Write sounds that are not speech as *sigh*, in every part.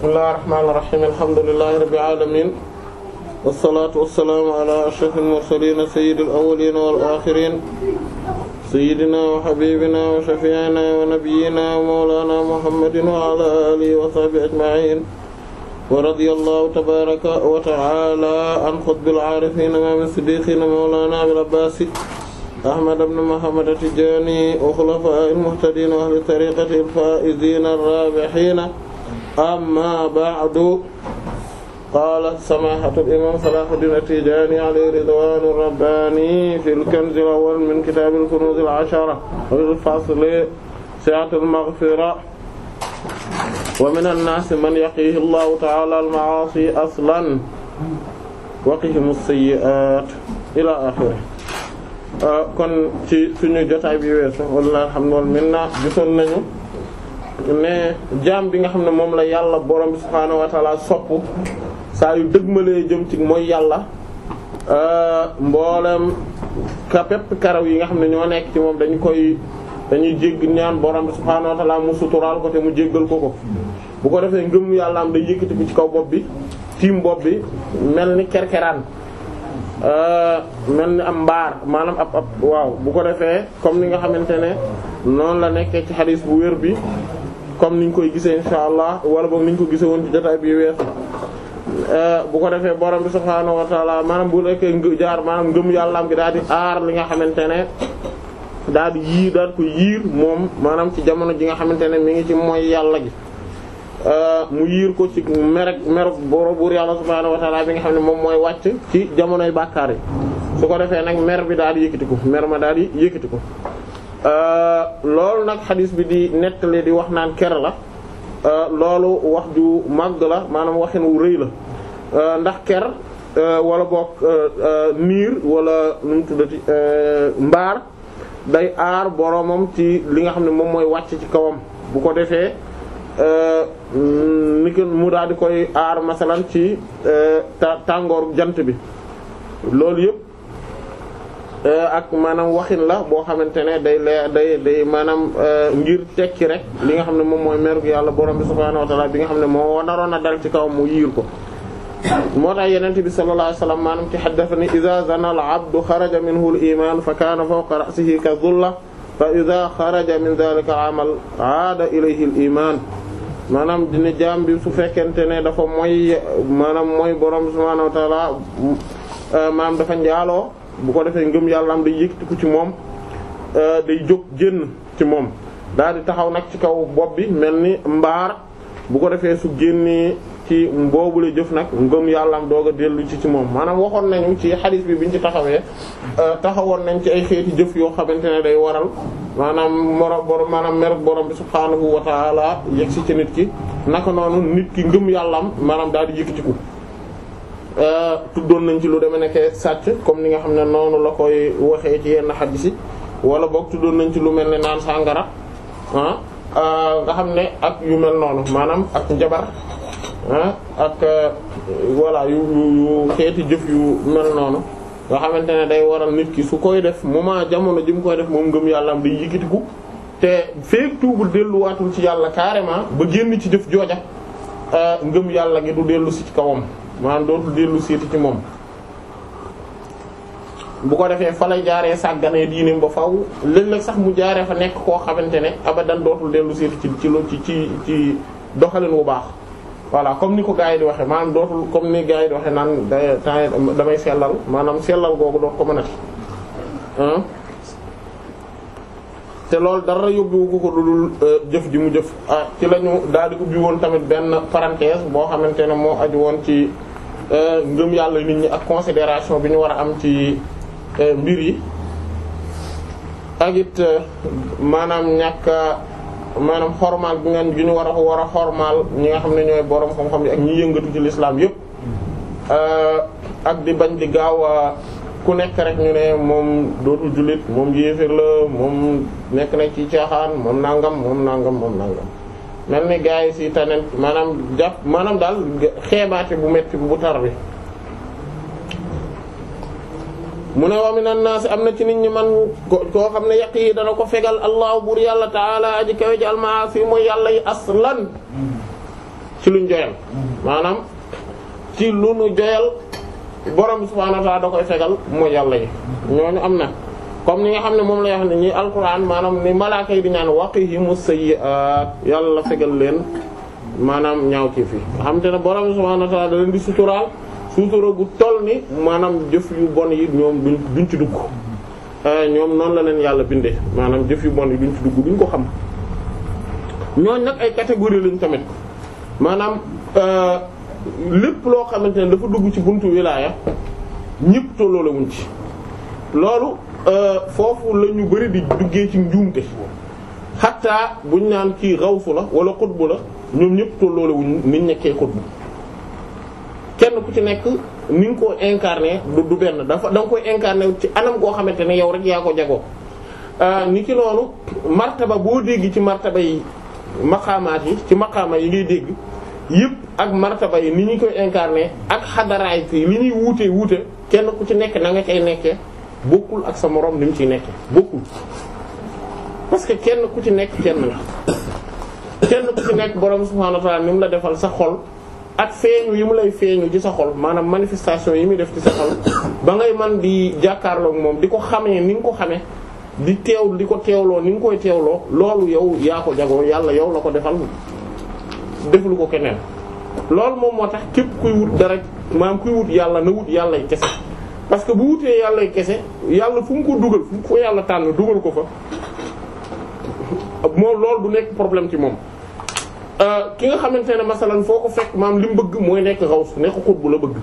bismillahir rahmanir rahim alhamdulillahi rabbil alamin wassalatu wassalamu ala ashrafil mursalin sayyidil awwalin wal akhirin sayyidina wa habibina wa shafi'ina wa nabiyyina wa mawlana muhammadin wa ala alihi wa sahbihi ajma'in wa radiyallahu tabaraka wa ta'ala an qutbil aarifin imaam as-siddiqin mawlana abil abbaas ahmad ibn muhammad at-tijaani wa khulafa'il muhtadiin wa ahli tariqati al-faa'iziin ar-raabihiin amma ba'du qaala samaahatu imaam Salaahudiin at-Tijaani alayhi ridwaanu rabbaani fil kanzil awwal min kitaabil kunuuzil ashara fil fasli si'atul maghfira wa minan naasi man yaqiihi Allahu ta'aala al-ma'aasi aslan wa qihimu sayyi'aat ilaa aaxirih kon ci suñu jotaay bi weesu wallaahi alhamdu wal minna gisoon nañu ne jaam bi nga xam ne moom la yàlla borom bi subhaanahu wa sopp saa yu dëgmalee jëm ci mooy yàlla euh, mboolem ka pepp karaw yi nga xam ne ñoo nekk ci moom dañu koy dañuy jégg ñaan borom bi subhaanahu wa taala mu suturaal ko te mu jéggal ko ko bu ko defee ngëm yàlla am day yëkkati ko ci kaw bopp bi tiim bopp bi mel ni kerkeraan euh, mel ni am mbaar maanaam ab ab waaw bu ko defee comme ni nga xamante ne noonu la nekkee ci xadis bu wér bi comme niñ koy gisee insha allah wala boog ñu ko gisee woon ci jotaay bi weesu euh, bu ko defee borom bi subhaanahu wa taala maanaam bu nekkee jaar maanaam ngëm yàllaam gi daal di aar li nga xamante ne daal di yiir daal ko yiir moom maanaam ci jamono ji nga xamante ne mi ngi ci mooy yàlla gi euh, mu yiir ko ci mer merek buur yàlla subhaanahu wa taala bi nga xam ne moom mooy wàcc ci jamonoy bàkkaar yi su ko defee nag mer bi daal di yëkkati ko mer ma daal di yëkkati ko Euh, loolu nag xadis bi di nettalee di wax naan ker la euh, loolu wax ju màgg la maanaam waxin wu rëy la euh, ndax ker wala boog niir wala nu mu tuddati mbaar day aar boromam ci li nga xam ne moom mooy wàcc ci kawam bu ko defee ni ko mu daal di koy aar masalan ci tàngooru jant bi loolu yëpp Euh, ak maanaam waxin la boo xamante ne day lee day day maanaam euh, ngir tekki rek li nga xam ne moom mooy merug yàlla borom bi subhaanahu wa ta'ala bi nga xam ne moo naroon a dal ci kaw mu yiir ko moo tax yenente bi sallallahu alayhi wa sallam maanaam ci haddathani idha zana al abdu xaraja minhu al iman fa kaana fawqa ra'sihi ka dhulla fa idha xaraja min dhalika amal aada ilayhi al iman maanaam dina jaam bi su fekkente ne dafa moy maanaam mooy borom bi subhaanahu wa ta'ala euh, dafa njaaloo bu ko defee ngëm yàlla am day yëkkatiku ci moom euh, day jóg génn ci moom daal di taxaw nag ci kaw bopp bi mel ni mbaar bu ko defee su génnee ci boobu la jëf nag ngëm yàlla am doog a dellu ci ci moom maanaam waxoon nañu ci xadis bi biñ ci taxawee euh, taxawoon nañ ci ay xeeti jëf yoo xamante ne day waral maanaam moro borom maanaam mer borom bi subhaanahu wa taala yegg si ci nit ki naka noonu nit ki ngëm yàlla am maanaam daal di yëkkatiku Euh, tuddoon nañ ci lu demee nekke sàcc comme ni nga xam ne noonu la koy waxee ci yenn xadis yi wala boog tuddoon nañ ci lu mel ne naan sàngara ah euh, nga xam ne ak yu mel noonu maanaam ak njabar ah ak euh, voilà yu yu xeeti jëf yu mel noonu nga xamante ne day waral nit ki su koy def moment jamono ji mu koy def moom ngëm yàlla am day yëkkatiku te feek tuubul delluwaatul ci yàlla carrément ba génn ci jëf jooja ngëm yàlla gi du dellu si ci maanaam dootul dellu siiti ci moom bu ko defee fa lay jaaree sàgganee diineem ba faw léeg-léeg sax mu jaaree fa nekk koo xabante ne abadan dootul dellu siiti ci ci ci ci ci doxalin wu baax voilà comme ni ko gars yi di waxee maanaam dootul comme ni gars yi di waxee naan da damay sellal maanaam sellal googu dootu ko mënati te loolu dara yóbbuwu ko lu euh, jëf ji mu jëf ah ci la ñu daal di ubbi woon tamit benn parenthèse boo xamante ne moo aju woon ci euh, ngëm yàlla nit ñi ak considération bi ñu war a am ci euh, mbir yi ak it maanaam ñàkk maanaam xormaal bi nga gi ñu war a war a xormaal ñi nga xam ne ñooy borom xam-xam yi ak ñi yëngatu ci lislaam yépp mm. ak di bañ di gaaw ku nekk rek ñu ne moom dootul jullit moom yéeféer la moom nekk na ci caaxaan moom nangam moom nangam moom nangam mel ni gars yi si tanen maanaam jàpp maanaam daal xeebaate bu metti bu tar bi mu ne wa minan naas am na ci nit ñi man koo xam ne yàq yi dana ko fegal allahu buur yàlla taala aji kawe ji almaasi mooy yàlla yi aslan mm-hmm. ci luñ joyal mm-hmm. maanaam ci lu nu joyal borom bi subhaanahu wa ta'ala da koy fegal mooy yàlla yi ñooñu am na comme ni nga xam ne moom la wax ne ñi alquran maanaam ni malaaka yi di ñaan waqihimu sayyi'at yàlla fegal leen maanaam ñaaw ci fi xam te ne borom bi subhaanahu wa ta'ala da leen di suturaal sutura gu toll ni maanaam jëf yu bon yi ñoom duñ duñ ci dugg eh, ñoom noonu la leen yàlla bindee maanaam jëf yu bon yi duñ ci dugg duñ ko xam ñooñ nag ay catégorie lañ tamit maanaam. Eh, lépp loo xamante ne dafa dugg ci buntu wilaaya ñëpp tolloole wuñ ci loolu euh, foofu la ñu bari di duggee ci njuumte xataa buñ naan ci rawsu la wala xutbu la ñoom ñëpp tolloole wuñ niñ nekkee xutbu kenn ku ci nekk ni nga ko incarné du du benn dafa da nga koy incarné ci anam goo xamante ne yow rek yaa ko jagoo euh, ni ki noonu martaba boo dégg ci martaba yi maqaamaat yi ci maqaama yi ngay dégg yëpp ak martaba yi ni ñu koy incarné ak xadaraay yi li ñuy wuute wuute kenn ku ci nekk na nga cay nekkee bokkul ak sa moroom ni mu ciy nekkee bokkul parce que kenn ku ci nekk kenn la kenn ku ci nekk borom subhaanahu wa ta'aala ni mu la defal sa xol ak feeñu yi mu lay feeñu ci sa xol maanaam manifestation yi muy def ci sa xol ba ngay man di jàkkaarloog moom di ko xamee ni nga ko xamee di teew di ko teewloo ni nga koy teewloo loolu yow yaa ko jagoo yàlla yow la ko defal déglu ko keneen loolu moom moo tax képp kuy wut dara maanaam kuy wut yàlla na wut yàllay kese parce que bu wutee yàllay kese yàlla fu mu ko dugal fu ko yàlla tànn dugal ko fa *laughs* moom lool du nekk problème ci moom euh, ki nga xamante ne masalan foo ko fekk maam li mu bëgg mooy nekk xaws nekk xutbu la bëgg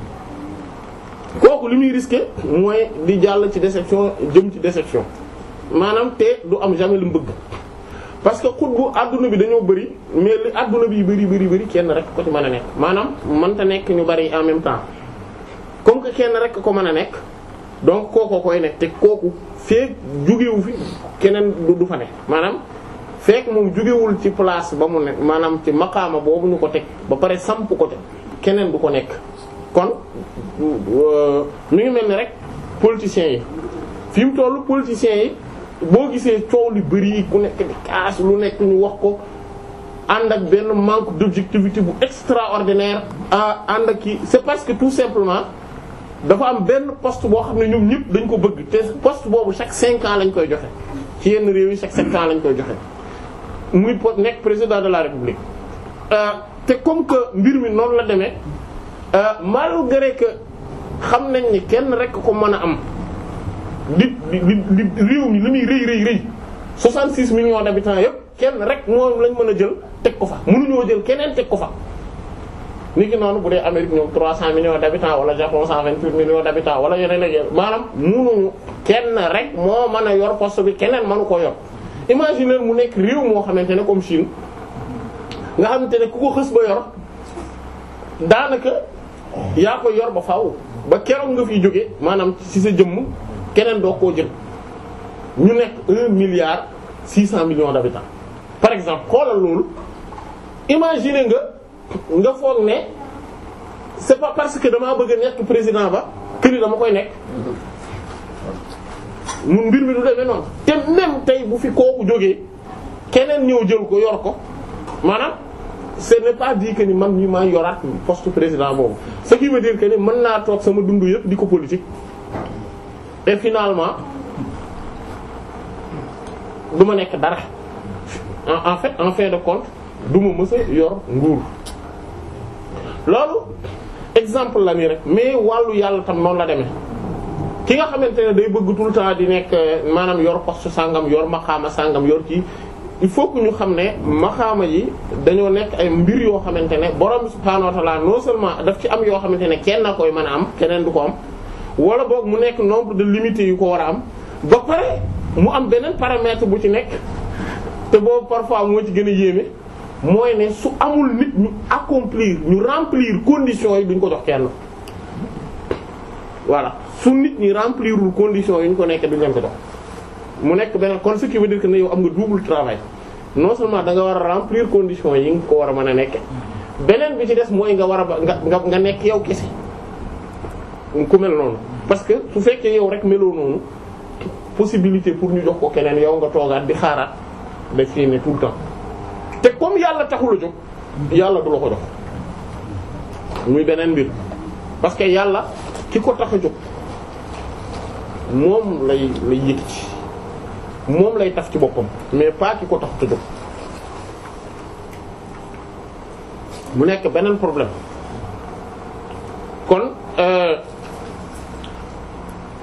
kooku li muy risqué mooy di jàll ci déception jëm ci déception maanaam te du am jamais li mu bëgg parce que xut bu adduna bi dañoo bëri mais li adduna bi bëri bëri bëri kenn rek ko ci mën a nekk maanaam mënta nekk ñu bari en même temps comme que kenn rek ko mën a nekk donc kookoo koy nekk te kooku feek jugewu fi keneen du fa ne maanaam feek moom jugewul ci place ba mu nekk maanaam ci maqaama boobu ñu ko teg ba pare samp ko te keneen du ko nekk kon euh, mi ngi mel ni rek politiciens yi fi mu tollu politiciens yi boo gisee coow li bëri ku nekk di kaas lu nekk ñu wax ko ànd ak benn manque d'objectivité bu extraordinaire. ànd ak ki c'est parce que tout simplement dafa am benn post boo xam ne ñoom ñëpp dañ ko bëgg te poste boobu chaque cinq ans lañ koy joxe ci yenn réew yi chaque sept ans lañ koy joxe muy po nekk président de la république. Euh, te comme que mbir mi noonu la demee euh, malgré que xam nañ ni kenn rek ko mën a am. li li li réew mi li muy rëy rëy rëy 66 millions d'habitants yëpp kenn rek moom lañ mën a jël teg ko fa mënuñoo jël keneen teg ko fa. ni noonu bu dee Amérique ñoom 300 millions d'habitants wala Japon 128 millions d'habitants wala yeneen ak yeneen maanaam mënuñu kenn rek moo man a yor poste bi keneen mënu ko yor. imaginer mu nekk réew moo xamante ne comme Chine nga xamante ne ku ko xës ba yor daanaka yaa ko yor ba faw ba keroog nga fi jóge maanaam ci sa jëmm. keneen doo koo jël ñu nekk un milliard six cent millions d'habitants par exemple koolal loolu imaginer nga nga foog ne c'est pas parce que damaa bëgg a nekk président ba que ni dama koy nekk mun mbir mi du demee noonu te même tey bu fi kooku jógee keneen ñëw jël ko yor ko maanaam ce n'est pas dit que ni man mii maa yoraat poste président boobu ce qui veut dire que ni mën naa toog sama dund yëpp di ko politique et finalement du ma nekk dara en fait en fin de compte duma ma mës a yor nguur loolu exemple la nii rek mais wàllu yàlla tam noonu la demee ki nga xamante ne day bëgg tout le temps di nekk euh, maanaam yor poste sàngam yor maxaama sàngam yor ci il faut que ñu xam ne maxaama yi dañoo nekk ay mbir yoo xamante ne borom subhaanahu wa ta'ala non seulement daf ci am yoo xamante ne kenn na koy mën a am keneen du ko am. wala boog mu nekk nombre de limité yu ko war a am ba pare mu am beneen paramètre bu ci nekk te boobu parfois moo ci gën a yéeme mooy ne su amul nit ñu accomplir ñu remplir conditions yi duñ ko dox kenn. voilà su nit ñi remplirul conditions yi ñu ko nekk duñ leen ko jox mu nekk beneen kon ce qui veut yow am nga double travail non seulement da nga war a remplir conditions yi nga ko war a mën a nekke beneen bi ci des mooy nga war a ba nga nga nekk yow kese. ku mel noonu parce que su fekkee yow rek meloo noonu possibilité pour ñu jox ko keneen yow nga toogaat di xaaraat daf fii ne tout le temps te comme yàlla taxul a jóg yàlla du la ko jox muy beneen mbir parce que yàlla ki ko tax a jóg moom lay lay yëkkati moom lay taf ci boppam mais pas ki ko tax a jóg mu nekk beneen problème kon. Euh,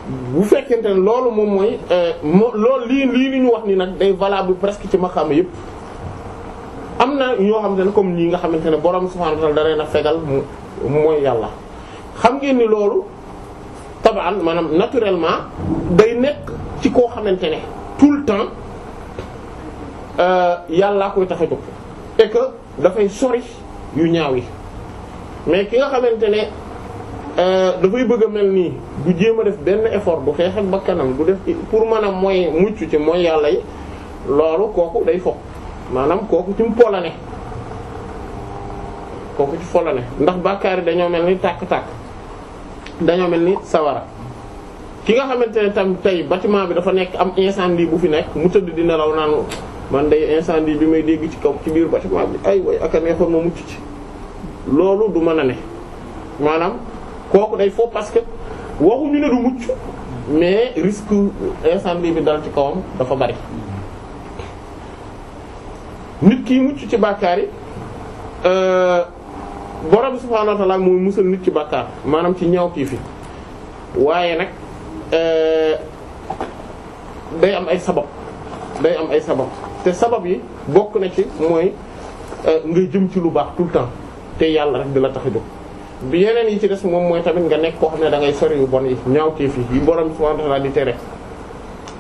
bu fekkente ne loolu moom mooy euh, loolu lii lii li ñu wax ni nag day valable presque ci ma maxaama yëpp am na yoo xam ne comme ñii nga xamante ne borom subhanahu wa ta'ala da leen a fegal mooy yàlla xam ngeen ni loolu tabaan maanaam naturellement day nekk ci koo xamante ne tout le temps euh, yàllaa koy tax a jóg et dafay sori yu ñaaw yi mais ki nga xamante ne Euh, dafay bëgg a mel nii du jéem a def benn effort du xeex ak bakkanam du def pour mën a mooy mucc ci mooy yàlla yi loolu kooku day fo maanaam kooku ci mu po la kooku ci fo ndax bàkkaar yi dañoo mel ni tàkk-tàkk dañoo mel ni sawara ki nga xamante ne tam tey bâtiment bi dafa nekk am incendie bu fi nekk mu tëdd di raw naan man day incendie bi may dégg ci kaw ci biir bâtiment bi ay way aka neexoon ma mucc ci loolu du mën a ne maanaam kooku day foofu parce que waxuñu ne du mucc mais risque incendie bi dal ci kawam dafa bari nit ki mucc ci bàkkaar yi euh, borom subhaanahu wa ta'aala mooy musal nit ci bàkkaar maanaam ci kii fi waaye nag euh, day am ay sabab day am ay sabab te sabab yi bokk na ci mooy euh, ngay jëm ci lu baax tout le temps te yàlla rek di la tax bi yeneen yi ci des moom mooy tamit nga nekk ko xam ne da sori yu bon yi ñaawteef yi yu borom subhanahu wa ta'ala di tere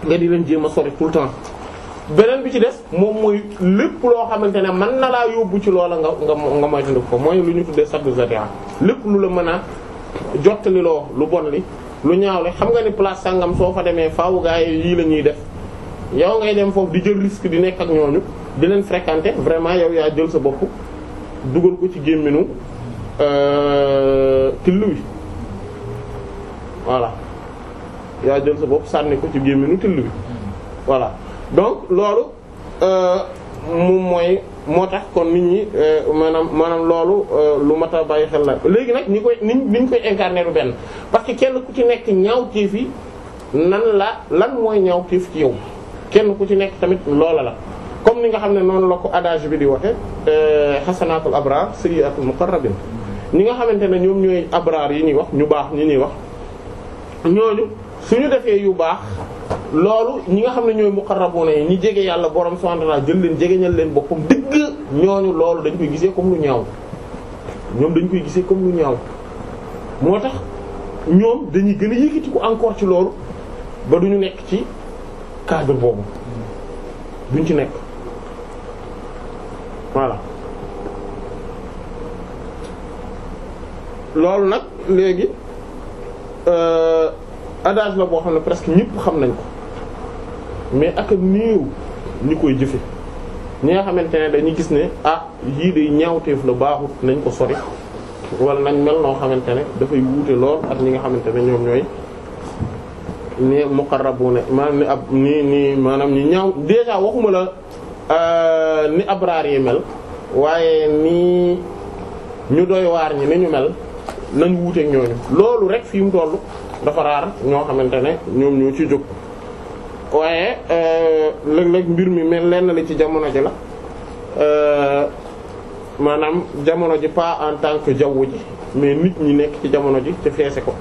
nga di leen jéem a sori tout le temps beneen bi ci des moom mooy lépp loo xamante ne mën na laa yóbbu ci loola nga nga nga moytandiku ko mooy lu ñu tuddee saddu zaria lépp lu la mën a jottali loo lu bon li lu ñaaw li xam nga ni place sangam soo fa demee faaw yii la ñuy def yow ngay dem foofu di jël risque di nekk ak ñooñu di leen fréquenter vraiment yow yaa jël sa bopp dugal ko ci gémminu Euh, till wi voilà yaa jël sa bopp sànni ko ci gémminu till wi voilà donc loolu euh, moom mooy moo tax kon nit ñi euh, maanaam maanaam loolu lu mat a bàyyi xel la léegi nag ñi koy ni ñu koy incarner lu benn parce que kenn ku ci nekk ñaaw ñaawteef yi nan la lan mooy ñaawteef ci yow kenn ku ci nekk tamit loola la comme ni nga xam ne noonu la ko adage bi di waxe xasanaatul abrar sayyi'atul muqarrabin ñi nga xamante ne ñoom ñooy abraar yi ñuy wax ñu baax ñi ñuy wax ñooñu suñu defee yu baax loolu ñi nga xam ne ñooy muqarrabuna yi ñi jege yàlla borom subhanahu wa jël leen jege jegeñal leen boppam dëgg ñooñu loolu dañ koy gisee comme lu ñaaw ñoom dañ koy gisee comme lu ñaaw moo tax ñoom dañuy gën a yëkkati ko encore ci loolu ba du ñu nekk ci cadre boobu duñ ci nekk voilà loolu nag léegi euh, adage la boo xam ne presque ñëpp xam nañ ko mais ak néew ñi koy jëfe ñi nga xamante ne dañuy gis ne ah yii de ñaawteef la baaxut nañ ko sori wala nañ mel noo xamante ne dafay wuute lool ak ñi nga xamante ne ñoom ñooy ni ne maanaam ni ab ni ni maanaam ñi ñaaw déjà waxuma la euh, ni abraar yi mel waaye nii ñu doy waar ñi ni ñu mel nañ wuuteeg ñooñu loolu rek fi mu toll dafa raar ñoo xamante ne ñoom ñoo ci jóg waaye euh, léeg-léeg mbir mi mel lenn li ci jamono ji la euh, maanaam jamono ji pas en tant que jaww ji mais nit ñi nekk ci jamono ji te feese ko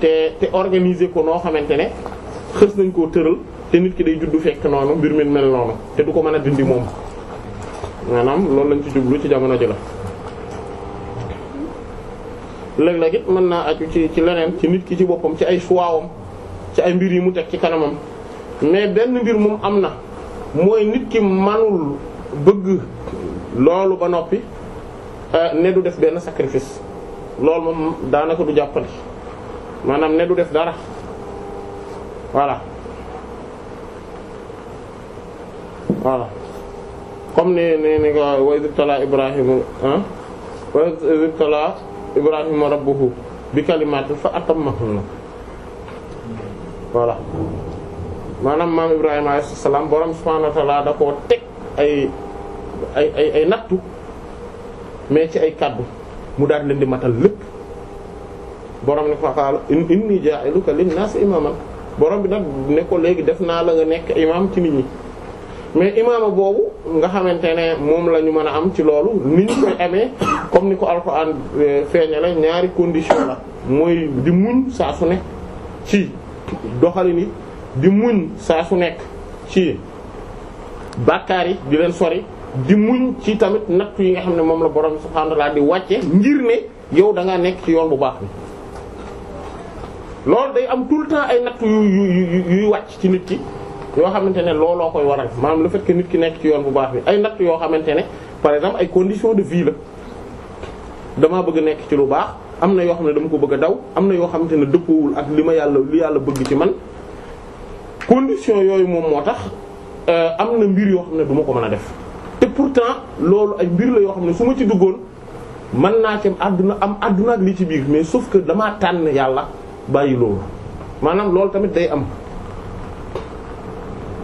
te te organiser ko noo xamante ne xës nañ koo tëral te nit ki day juddu fekk noonu mbir mi mel noonu te du ko mën a dindi moom maanaam loolu lañ ci jublu ci jamono ji la léeg-léeg it mën naa aju ci ci leneen ci nit ki ci boppam ci ay suwaawam ci ay mbir yi mu teg ci kanamam mais benn mbir moom am na mooy nit ki manul bëgg loolu ba noppi euh, ne du def benn sacrifice lool moom daanaka du jàppandi maanaam ne du def dara voilà voilà comme ni ni ni ko wa izibtala Ibrahima ah wa ibrahima rabbuhu bi kalimaatin fa atammahunna voilà maanaam maam ibrahima alayhi salaam borom subhaanahu wa ta'aala da koo teg ay ay ay nattu mais ci ay kaddu mu daal leen di matal lépp borom ne ko qaala inni jaa'iluka linnaasi imaaman borom bi nag ne ko léegi def naa la nga nekk imaam ci nit ñi mais imaama boobu nga xamante ne moom lañu mën a am ci loolu ni ñu koy amee comme ni ko alxuraan euh, feeñale ñaari condition la mooy di muñ saa su nekk ci doxalin yi di muñ saa su nekk ci bàkkaar yi di leen sori di muñ ci tamit nattu yi nga xam ne moom la borom subhaanahu wa ta'aala di wàcce ngir ne yow da ngaa nekk ci yoon bu baax bi loolu day am tout temps ay nattu yu yu yu yuy wàcc ci nit ki. yoo xamante ne looloo koy waral maanaam le fait nit ki nekk ci yoon bu baax bi ay natt yoo xamante ne par exemple ay conditions de vie la damaa bëgg nekk ci lu baax am na yoo xam ne dama ko bëgg daw am na yoo xamante ne dëppoowul ak li ma yàlla li yàlla bëgg ci man condition yooyu moom moo tax euh, am na mbir yoo xam ne du ma ko mën a def te pourtant loolu ay mbir la yoo xam ne su ma ci duggoon mën naa ci àdduna am àdduna ak li ci biir mais sauf que damaa tànn yàlla bàyyi loolu maanaam loolu tamit day am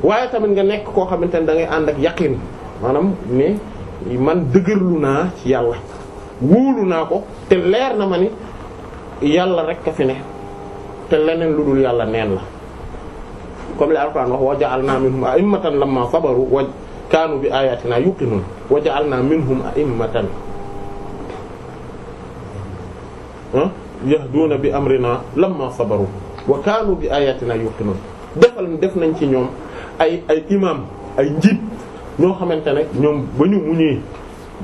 waaye tamit nga nekk koo xamante ne dangay ànd ak yaqin maanaam ne man dëgërlu naa ci yàlla wóolu naa ko te leer na ma ni yàlla rek a fi ne te leneen lu dul yàlla neen la comme li alquran wax wa ja'alna minhum a'immatan lamma sabaru wa kaanu bi ayatina yuqinun wa ja'alna minhum a'immatan yahduuna bi amrina lamma sabaru wa kaanu bi ayatina yuqinun defal def nañ ci ñoom ay ay imam ay njiit ñoo xamante ne ñoom ba ñu muñee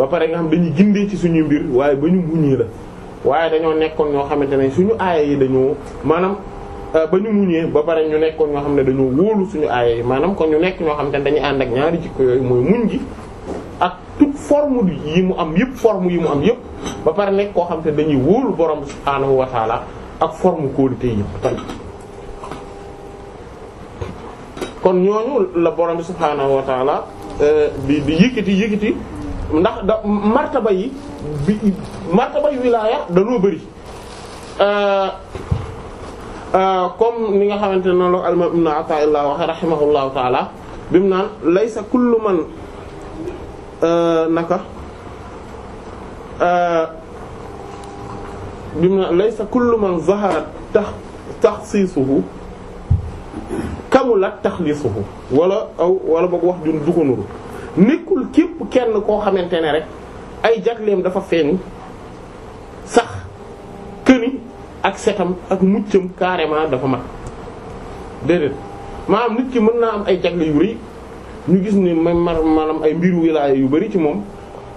ba pare nga xam dañuy gindee ci suñuy mbir waaye ba ñu muñee la waaye dañoo nekkoon ñoo xamante ne suñu aaya yi dañoo maanaam euh, ba ñu muñee ba pare ñu nekkoon ñoo xam ne dañoo wóolu suñu aaya yi maanaam kon ñu nekk ñoo xam ne dañuy ànd ak ñaari jikko yooyu mooy muñ gi ak toute forme yi mu am yëpp forme yi mu am yëpp ba pare nekk koo xam te dañuy wóolu borom subhaanahu wa taala ak forme qualité yi tamit kon ñooñu la borom subhaanahu wa taala euh, di di yëkkati ndax da martaba yi bi martaba yu wilaaya dañoo bëri euh, euh, comme ni nga xamante ne la al-Imam Ibn Ata'illah waxe rahimahullahu taala bi mu naan laysa kullu man naka bi mu naan laysa kullu man zahara tax taxsiisuhu tax li taxliisuhu walla aw wala boog wax jun dukanul nekkul képp kenn koo xamante ne rek ay jagleem dafa feeñ sax këni ak setam ak muccam carrément dafa mat déedéet maanaam nit ki mën naa am ay jagle yu rëy ñu gis ne ma manam ay mbiru wilaaya yu bari ci moom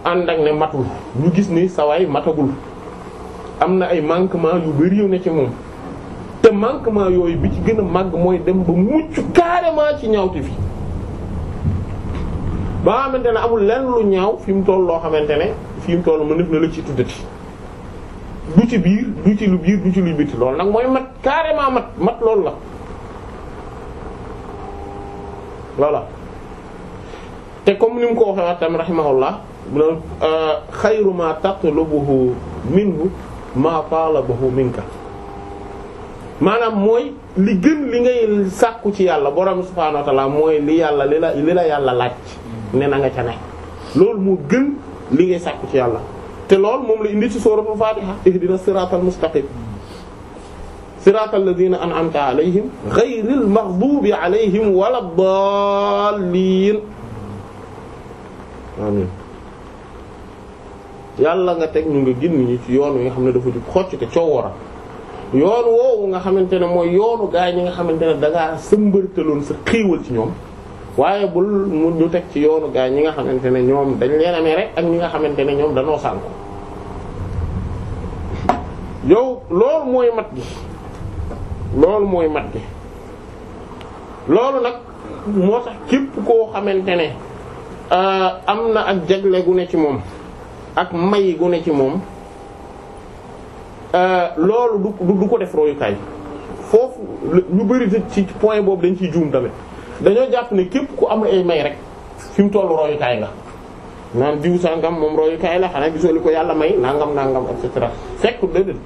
ànd ak ne matul ñu gis ni sawaay matagul am na ay manquement yu bari yu ne ci moom te manquement yooyu bi ci gën a màgg mooy dem ba mucc carrément ci ñaawte fi ba nga xamante ne amul lenn lu ñaaw fi mu toll loo xamante ne fi mu toll mu nekk na la ci tuddati du ci biir du ci lu biir du ci lu biti loolu nag mooy mat carrément mat mat loolu la voilà te comme ni mu ko waxee waat tamit rahimahullah euh, xayru ma tatlubuhu minhu ma talabahu minka maanaam mooy li gën li ngay sàkku ci yàlla borom subhaanahu mooy li yàlla li la li la yàlla laaj ne na nga ca ne loolu moo gën li ngay sàkku ci yàlla te lool moom la indi ci suuratul faatiha ihdina siraatal mustaqim siraatal ladina an'amta alayhim ghayril maghdubi alayhim walad dallin amiin yàlla nga teg nu nga gin ñu ci yoon wi nga xam ne dafa jub xocc te coow yoon woowu nga xamante ne mooy yoonu gaa ñi nga xamante ne dangaa sëmbartaloon sa xéewal ci ñoom waaye bul mu ñu teg ci yoonu gaa ñi nga xamante ne ñoom dañ leen amee rek ak ñi nga xamante ne ñoom danoo sànku yow loolu mooy mat gi loolu mooy mat gi loolu nag moo tax képp koo xamante ne euh, am na ak jagle gu ne ci moom ak may gu ne ci moom Euh, loolu du du ko def royukaay foofu ñu bari ci point boobu dañ ciy juum tamit dañoo jàpp ne képp ku am ay may rek fi mu toll royukaay nga naan diw sangam moom royukaay la xanaa gisoo li ko yàlla may nangam nangam et cetera fekk déedéet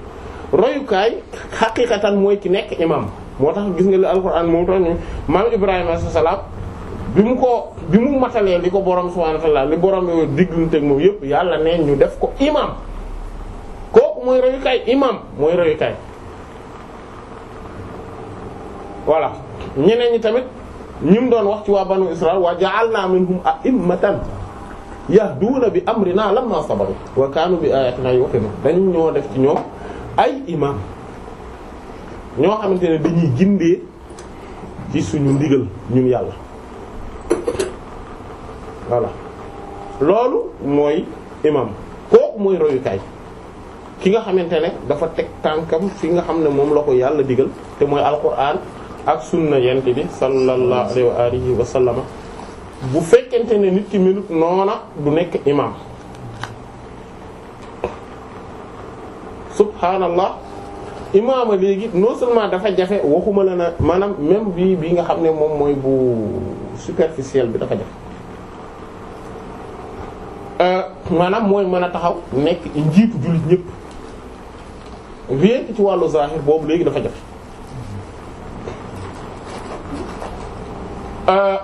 royukaay xaqiiqatan mooy ki nekk imam moo tax gis nga li alxuraan moom tax ñu maam Ibrahima salaam bi mu ko bi mu matalee li ko borom subhaanahu wa ta'aala li borom digganteeg moom yëpp yàlla ne ñu def ko imam kooku mooy royukaay imam mooy royukaay voilà ñeneen ñi tamit ñim doon wax ci waa banu Israël wa ja'alna minhum a'immatan yahduuna bi amrina lamma sabaru wa kaanu bi ayatina yuqinu dañ ñoo def ci ñoom ay imam ñoo xamante ne dañuy gindee ci suñu ndigal ñun yàlla voilà loolu mooy imam kooku mooy royukaay ki nga xamante ne dafa teg tànkam fi nga xam ne moom la ko yàlla digal te mooy alquran ak sunna yent bi sallallahu alayhi wa alihi bu fekkente ne nit ki melut noona du nekk imam subhaanallah a léegi non seulement dafa jafe waxuma la na maanaam même bii bi nga xam ne moom mooy bu superficiel bi dafa jafe euh, maanaam mooy mën a taxaw nekk njiitu jullit ñépp rien ci wàllu zahir boobu léegi dafa jafe euh,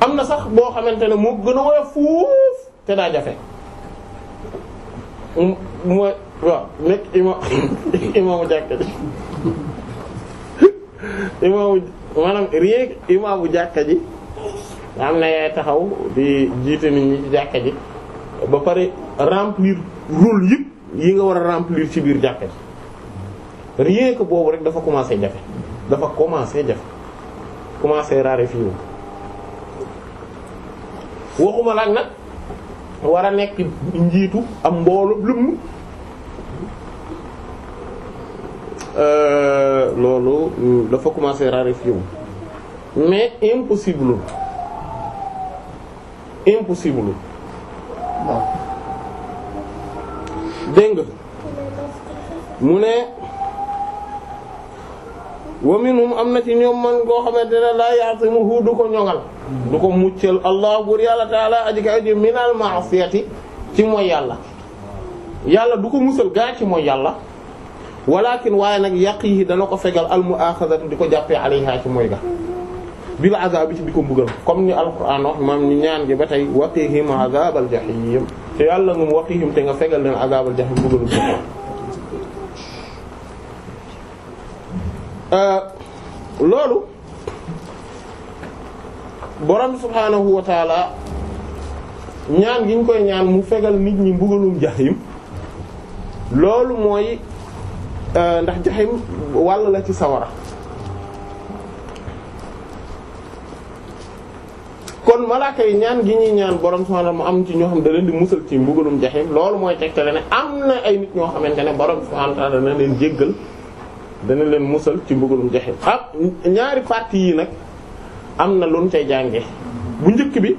am na sax boo xamante ne moo gën a woyof fuuf te daa jafe nekk ima *laughs* imaamu jàkka ji *laughs* imaamu maanaam rien que imaamu jàkka ji nga xam ne yaay taxaw di jiite nit ñi ci ji ba pare remplir rôle yëpp yi nga war a remplir ci biir jàkka ji rien boobu rek dafa commencé jafe dafa commencé jafe commencé raréfié wu waxuma laak nag war a nekk njiitu am mboolu lum euh, loolu dafa commencé raréfié wu mais impossible impossible bon. dégg nga mu ne wa minhum am na ci ñoom man boo xamante ne laa yaasimuhu du ko ñoŋal du ko muccal allah buur yàlla taala aji ka aji minal ma'siyati ci mooy yàlla yàlla du ko musal gaa ci mooy yàlla walakin waaye nag yàq yi dana ko fegal al mu mu'axazati di ko jàppee alayha ci mooy ga bil azab ci di ko mbugal comme ni alquran wax maam ñaan gi ba tey waqihim azabal jahim te yàlla moom waqihim te nga fegal leen azabal jahim bëggalu ko euh, loolu borom subhaanahu wa ñaan gi ñu koy ñaan mu fegal nit ñi mbugalum jahim loolu mooy euh, ndax jahim wàll la ci sawara kon malaaka yi ñaan gi ñuy ñaan borom subhaanahu mu am ci ñoo xam da leen di musal ci mbugalum jaxim loolu mooy tegtale ne ay nit ñoo xamante ne borom subhaanahu dana leen jéggal dana leen musal ci mbugalum jaxim ak ñaari parti yi nag am na loon ñu jànge bu njëkk bi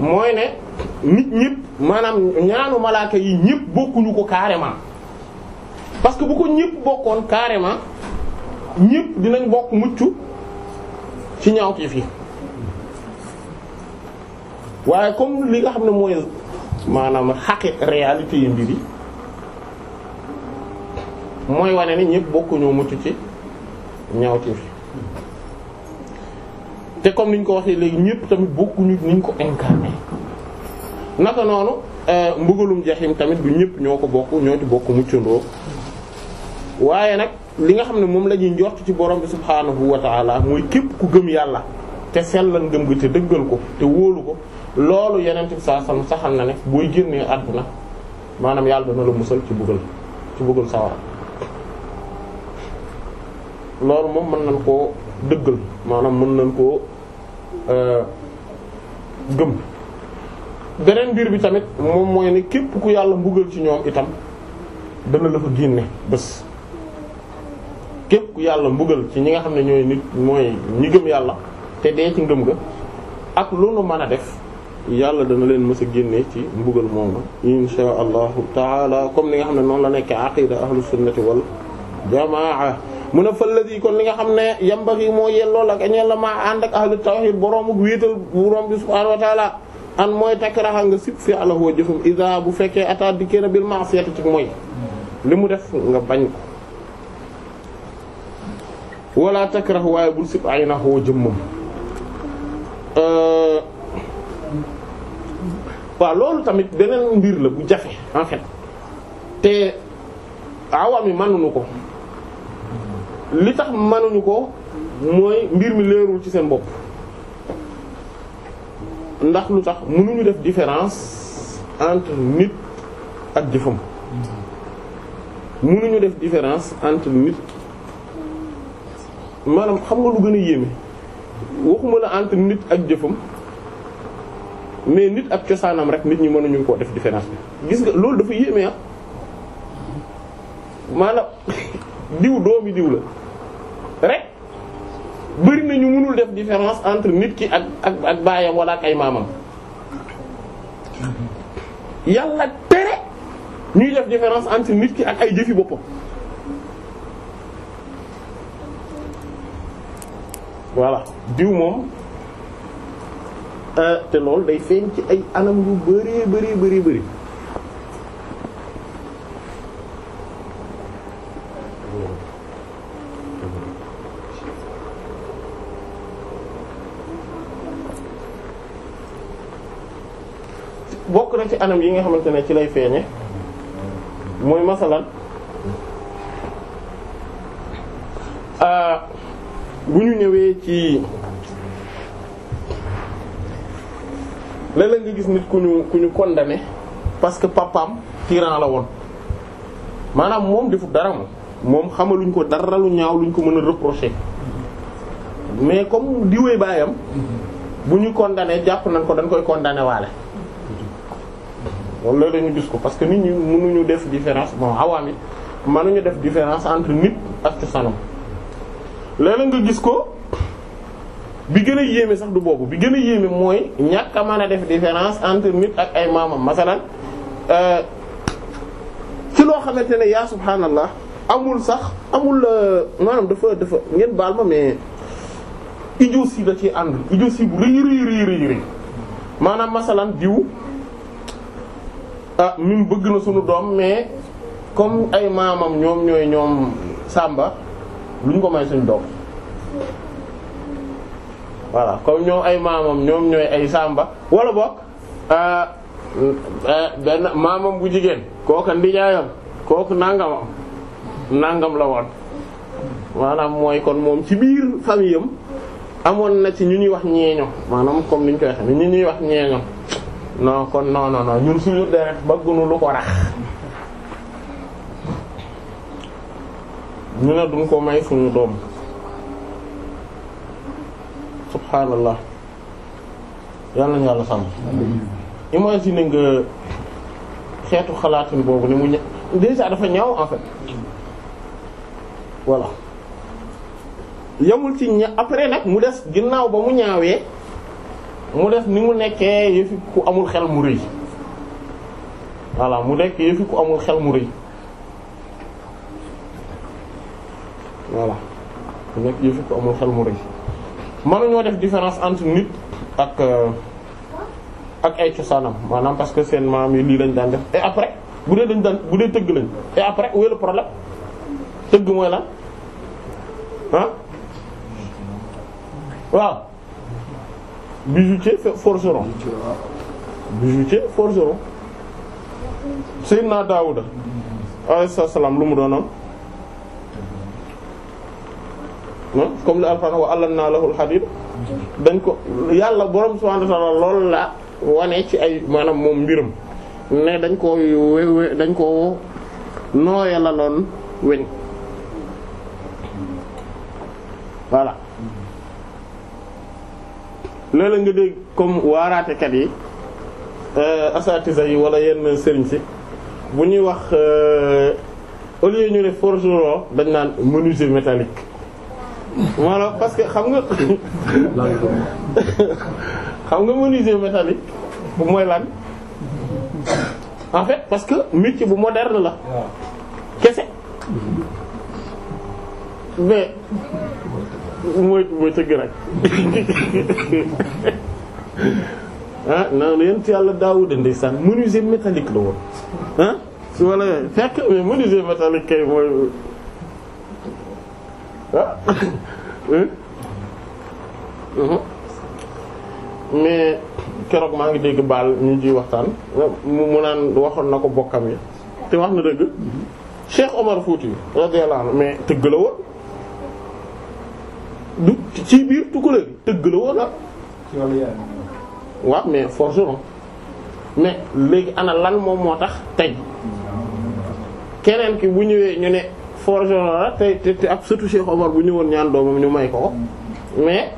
mooy ne nit ñëpp maanaam ñaanu malaaka yi ñëpp bokkuñu ko carrément parce que bu ko ñëpp bokkoon carrément ñëpp dinañ bokk mucc ci ñaawteef yi waaye comme li nga xam ne mooy maanaam xaqi réalité yi mbir mooy wane ni ñëpp bokkuñoo mucc ci ñaawteef yi te comme ni ñu ko waxee léegi ñëpp tamit bokkuñu ni ñu ko incarné naka noonu euh, mbugalum jaxim tamit du ñëpp ñoo ko bokk ñoo ci bokk muccandoo waaye nag li nga xam ne moom la ñuy njort ci borom bi subhaanahu wa ta'ala mooy képp ku gëm yàlla te sellal gëm gi te dëggal ko te wóolu ko loolu yeneen bi saa sam saxal na ne booy génnee àdduna maanaam yàlla dana la musal ci bugal ci buggal sawara loolu moom mën nañ koo dëggal maanaam mën nañ koo euh, gëm beneen mbir bi tamit moom mooy ne képp ku yàlla mbugal ci ñoom itam dana la fa génne bés képp ku yàlla mbugal ci ñi nga xam ne ñooy nit mooy ñi gëm yàlla te dee ci ngëm ga ak loolu mën a def yàlla dana leen mës génne ci mbugal moomu insha allahu taala comme li nga xam ne noonu la nekk aqida ahlu sunnati wal jamaa mu ne falladi kon li nga xam ne yambaxi moo yellool ak ñeel la maa ànd ak ahlu tawhid borom ak wéetal borom bi subhaanahu wa mooy takraxa nga sib fi àlahoo jëfam isa bu fekkee ataa di kén a bil ma'siyati ci mooy li mu def nga bañ ko wala takrax waaye bul sib ay naxoo jëmmam waaw loolu tamit beneen mbir la bu jafe en fait te awam yi mënuñu ko li tax mënuñu ko mooy mbir mi leerul ci seen bopp ndax lu tax mënuñu def différence entre nit ak jëfam ñu def différence entre nit maanaam xam nga lu gën a yéeme waxuma la entre nit ak jëfam mais nit ak cosaanam rek nit ñi mën mënuñu koo def différence bi gis nga loolu dafa yéeme ah maanaam *laughs* diw doomi diw la rek bëri na ñu mënul def différence entre nit ki ak ak baayam wala ak ay maamam yàlla tere ñuy def différence entre nit ki ak ay jëfi boppam voilà diw moom. Euh, te loolu day feeñ ci ay anam yu bari bari bari bari bokk na ci anam yi nga xamante ne ci lay feeñe mooy masalan euh, bu ñu ñëwee ci léeg-léeg nga gis nit ku ñu ku ñu condamné parce que papaam tyran la woon maanaam moom defut dara moom moom xamaluñ ko dara lu ñaaw luñ ko mën a reprocher mais comme diwee baayam bu ñu condamné jàpp nañ ko dañ koy condamné waale. loolu léeg ñu gis ko parce que nit ñi mënuñu def différence bon awaam yi mënuñu def différence entre nit ak cosaanam léeg-léeg nga gis ko. bi gën a yéeme sax du boobu bi gën a yéeme mooy ñàkk a a def différence entre ak ay maamam masalan euh, ci loo xamante ne yaa subhaanallah amul sax amul euh, maanaam dafa dafa ngeen baal ma mais idiotie da ci ànd idiotie bu rëy rii rëy maanaam masalan diw ah mi bëgg na sunu doom mais comme ay maamam ñoom ñooy ñoom sàmba lu ñu ko may suñu doom voilà comme ñoom ay maamam ñoom ñooy ay sàmba wala bokk euh, euh, benn maamam bu jigéen kooka ndijaayam kooku nangamam nangam la woon maanaam mooy kon moom ci biir famille am amoon na ci ñu ñuy wax ñeeño maanaam comme niñ koy xam ñu ñuy wax ñeeño non kon non non non ñun suñu deret bëggunu lu ko rax ñu ne duñ ko may suñu doom subhaanallah yàlla ñu yàlla sàmm imagine nga xeetu xalaatin boobu ni mu ña déjà dafa ñaaw en fait voilà yamul ci ña après nag mu des ginnaaw ba mu ñaawee mu des ni mu nekkee yëfi amul xel mu rëy voilà mu nekk yëfi amul xel mu rëy voilà mu nekk yëfi ku amul xel mu rëy ñoo def différence entre nit ak euh, ak ay cosaanam maanaam parce que seen maam yi lii lañ daan def et après bu dee dañ daan bu dee tëgg lañ et après où est le problème tëgg mooy lan ah waaw bijoutier forgeron bijoutier forgeron Seydina Daouda alayhi salaam lu mu doon doonoon comme li alxuraan wa allamnaa lahul hadiid dañ ko yàlla borom subhaanahu wa ta'aala loolu la wane ci ay maanaam moom mbiram ne dañ ko wéwé dañ ko nooya la loon weñ voilà léeg nga dégg comme waaraatekat yi euh, asatisa yi wala yenn sëriñ si bu ñuy wax euh, au lieu ñu ne forgeron dañ naan menuisier métallique maanaam parce que xam nga. xam nga menuisier métallique bu mooy lan en fait parce que métier bu moderne la. kese. mais mooy mooy tëgg rek ah non yent yàlla Daawuda ndeysaan menuisier métallique la woon ah su ma la fekk mais menuisier métallique kay mooy. Ah. Mhm. mais keroog maa ngi dégg baal ñu ciy waxtaan mu naan waxoon na ko bokkam yi te wax na dëgg Cheikh Omar Fouti radiyallahu anhu mais tëgg la woon du ci biir tukulóor tëgg la woon ah. waaw mais forgeron mais léegi ana lan moom moo tax tey mm. keneen ki bu ñëwee ñu ne. forger tey te te ab surtout Cheikh bu ñu woon ñaan doomam ñu may ko mais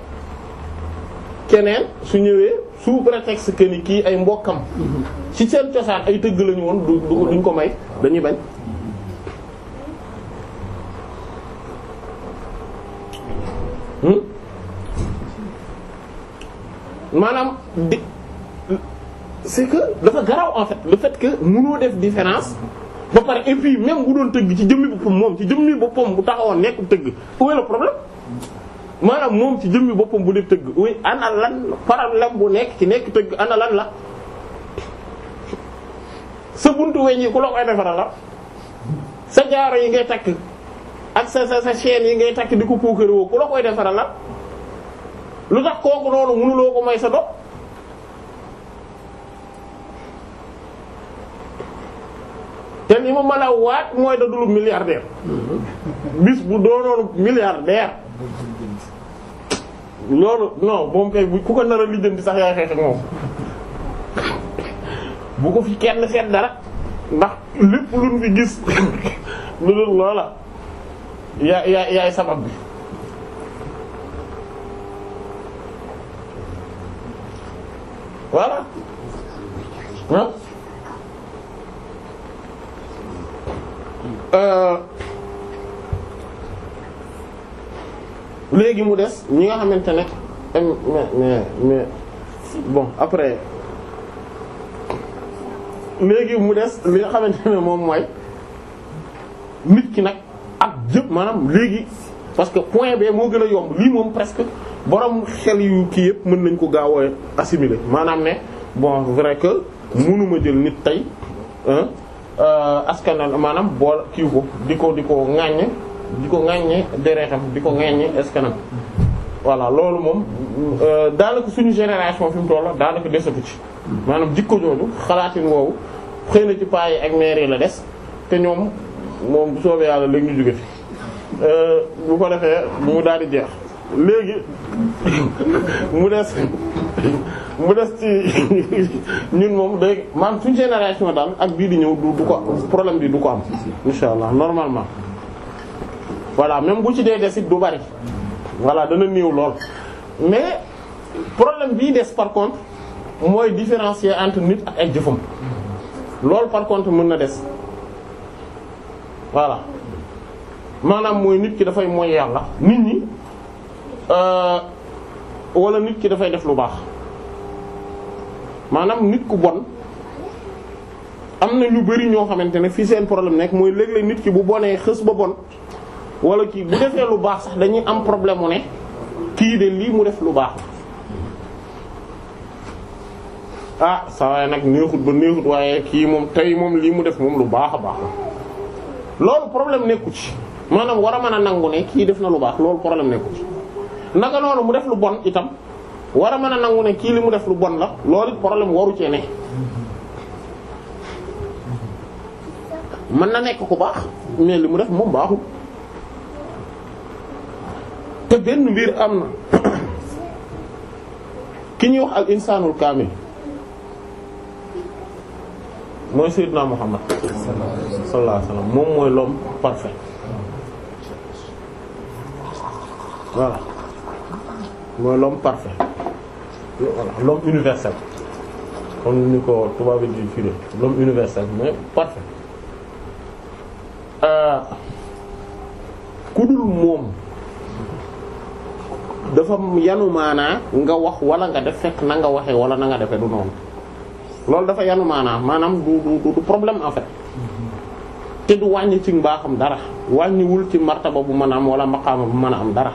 keneen su ñëwee sous prétexte que ni kii ay mbokkam ci seen cosaan ay tëgg lañu woon du duñ ko may dañuy bañ hmm? maanaam di c'est que dafa garaw en fait le fait que mënoo def différence ba pare et puis même bu doon tëgg ci jëmmi boppam moom ci jëmmi boppam bu taxawoon nekk tëgg où est le problème maanaam moom ci jëmmi boppam bu def tëgg oui ana lan problème bu nekk ci nekk tëgg ana lan la sa buntu weñ yi ku la koy defaral la sa jaaro yi ngay takk ak sa sa sa yi ngay takk di ko puukarewoo ku la koy defaral la lu tax kooku noonu mënuloo ko may sa dopp te li ma mën a waat mooy da dul milliardaire bis bu doonoon milliardaire loolu non moom kay ku ko nar a lijjanti sax yaay xeex moom bu ko fi kenn seet dara ndax lépp luñ fi gis lu dul loola yaa yaay sabab bi voilà ah Euh, léegi mu des ñi nga xamante ne mais mais bon après léegi mu des li nga xamante ne moom mooy nit ki nag ak jëpp maanaam léegi parce que point bee moo gën a yomb lii moom presque borom xel yu kii yëpp mën nañ ko gaaw a assimiler maanaam ne bon vrai que mënuma jël nit tey Euh, askanal maanaam bool kii ko di ko di ko ŋaññe di ko ŋaññe deretam di ko ŋaññe askanam voilà loolu moom euh, daanaka suñu génération fi mu toll daanaka desatu ci maanaam jikko jooju xalaatin woowu xëy na ci paa yi ak mère la des te ñoom moom bu soobee yàlla léegi ñu jóge fi euh, bu ko defee mu daal di jeex. léegi mu des mu des ci ñun moom day maanaam suñ génération daal ak bii di ñëw du du ko problème bi du ko am insha allah normalement voilà même bu ci dee des it du bari voilà dana néew lool mais problème bii des par contre mooy différencier entre nit ak ay jëfam loolu par contre mën na des voilà maanaam mooy nit ki dafay mooy yàlla nit ñi Euh, wala nit ki dafay def lu baax maanaam nit ku bon am na ñu bari ñoo xamante ne fii seen problème nekk mooy léeg-léeg nit ki bu bonee xës ba bon wala kii bu defee lu baax sax dañuy am problème mu ne de lii mu def lu baax ah saa waaye nag neexut ba neexut waaye kii moom tey moom lii mu def moom lu baax a baax loolu problème nekku ci maanaam war a mën a nangu ne kii def na lu baax loolu problème nekku ci naka noonu mu def lu bon itam war a mën a nangu ne kii li mu def lu bon la loolu problème waru cee mën na nekk ku baax mais li mu def moom baaxul te benn mbir am na *coughs* ki ñuy wax al insaanul kaamil mooy Seydina Muhammad sallallahu alayhi wasallam moom mooy l'homme parfait voilà mooy l'homme parfait voilà l'homme universel kon ni ko tubaab yi di firi l'homme universel parfait euh, ku dul moom dafa yanu maanaa nga wax wala nga def fekk na nga waxee wala na nga defee du noonu loolu dafa yanu maanaa maanaam du du problème en fait te du wàññi ci mbaaxam dara wàññiwul ci martaba bu mën a am wala maqaama bu mën a am dara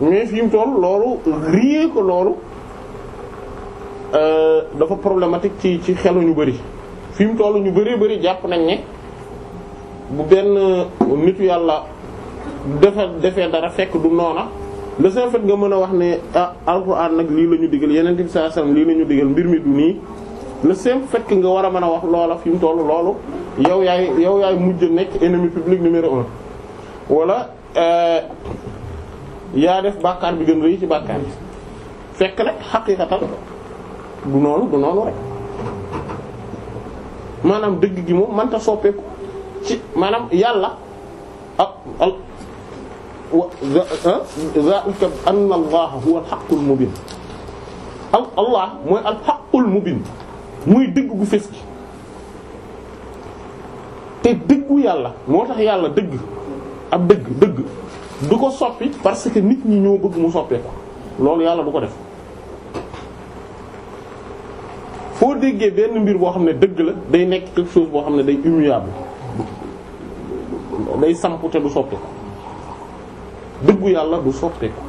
mais fi mu loolu rié ko loolu euh, dafa problématique ci ci xelu ñu bari fi mu toll ñu bari bari jàpp nañ ne bu benn nitu yàlla defa defee dara fekk du noona le seul fait nga mën a wax ne ah alxuraan nag lii la ñu digal yeneen bi sallallahu alayhi lii la ñu digal mbir mi du nii le seul fait nga war a mën a wax loola fi mu toll loolu yow yaay yow yaay mujj nekk ennemi public numéro un wala. Euh, yaa def bàkkaar bi gën rëy ci bàkkaar bi fekk nag xaqiiqatan du noonu du noonu rek maanaam dëgg gi moom mënta soppeeku ci maanaam yàlla ak al zaalika bi anna allaha huwa alxaqul mubin al allah mooy alxaqul mubin muy dëgg gu fés gi te dëggu yàlla moo tax yàlla dëgg ab dëgg dëgg du ko soppi parce que nit ñi ñoo bëgg mu soppeeku loolu yàlla du ko def foo déggee benn mbir boo xam ne dëgg la day nekk quelque chose boo xam ne day immuable day sampu te du dëggu yàlla du soppeeku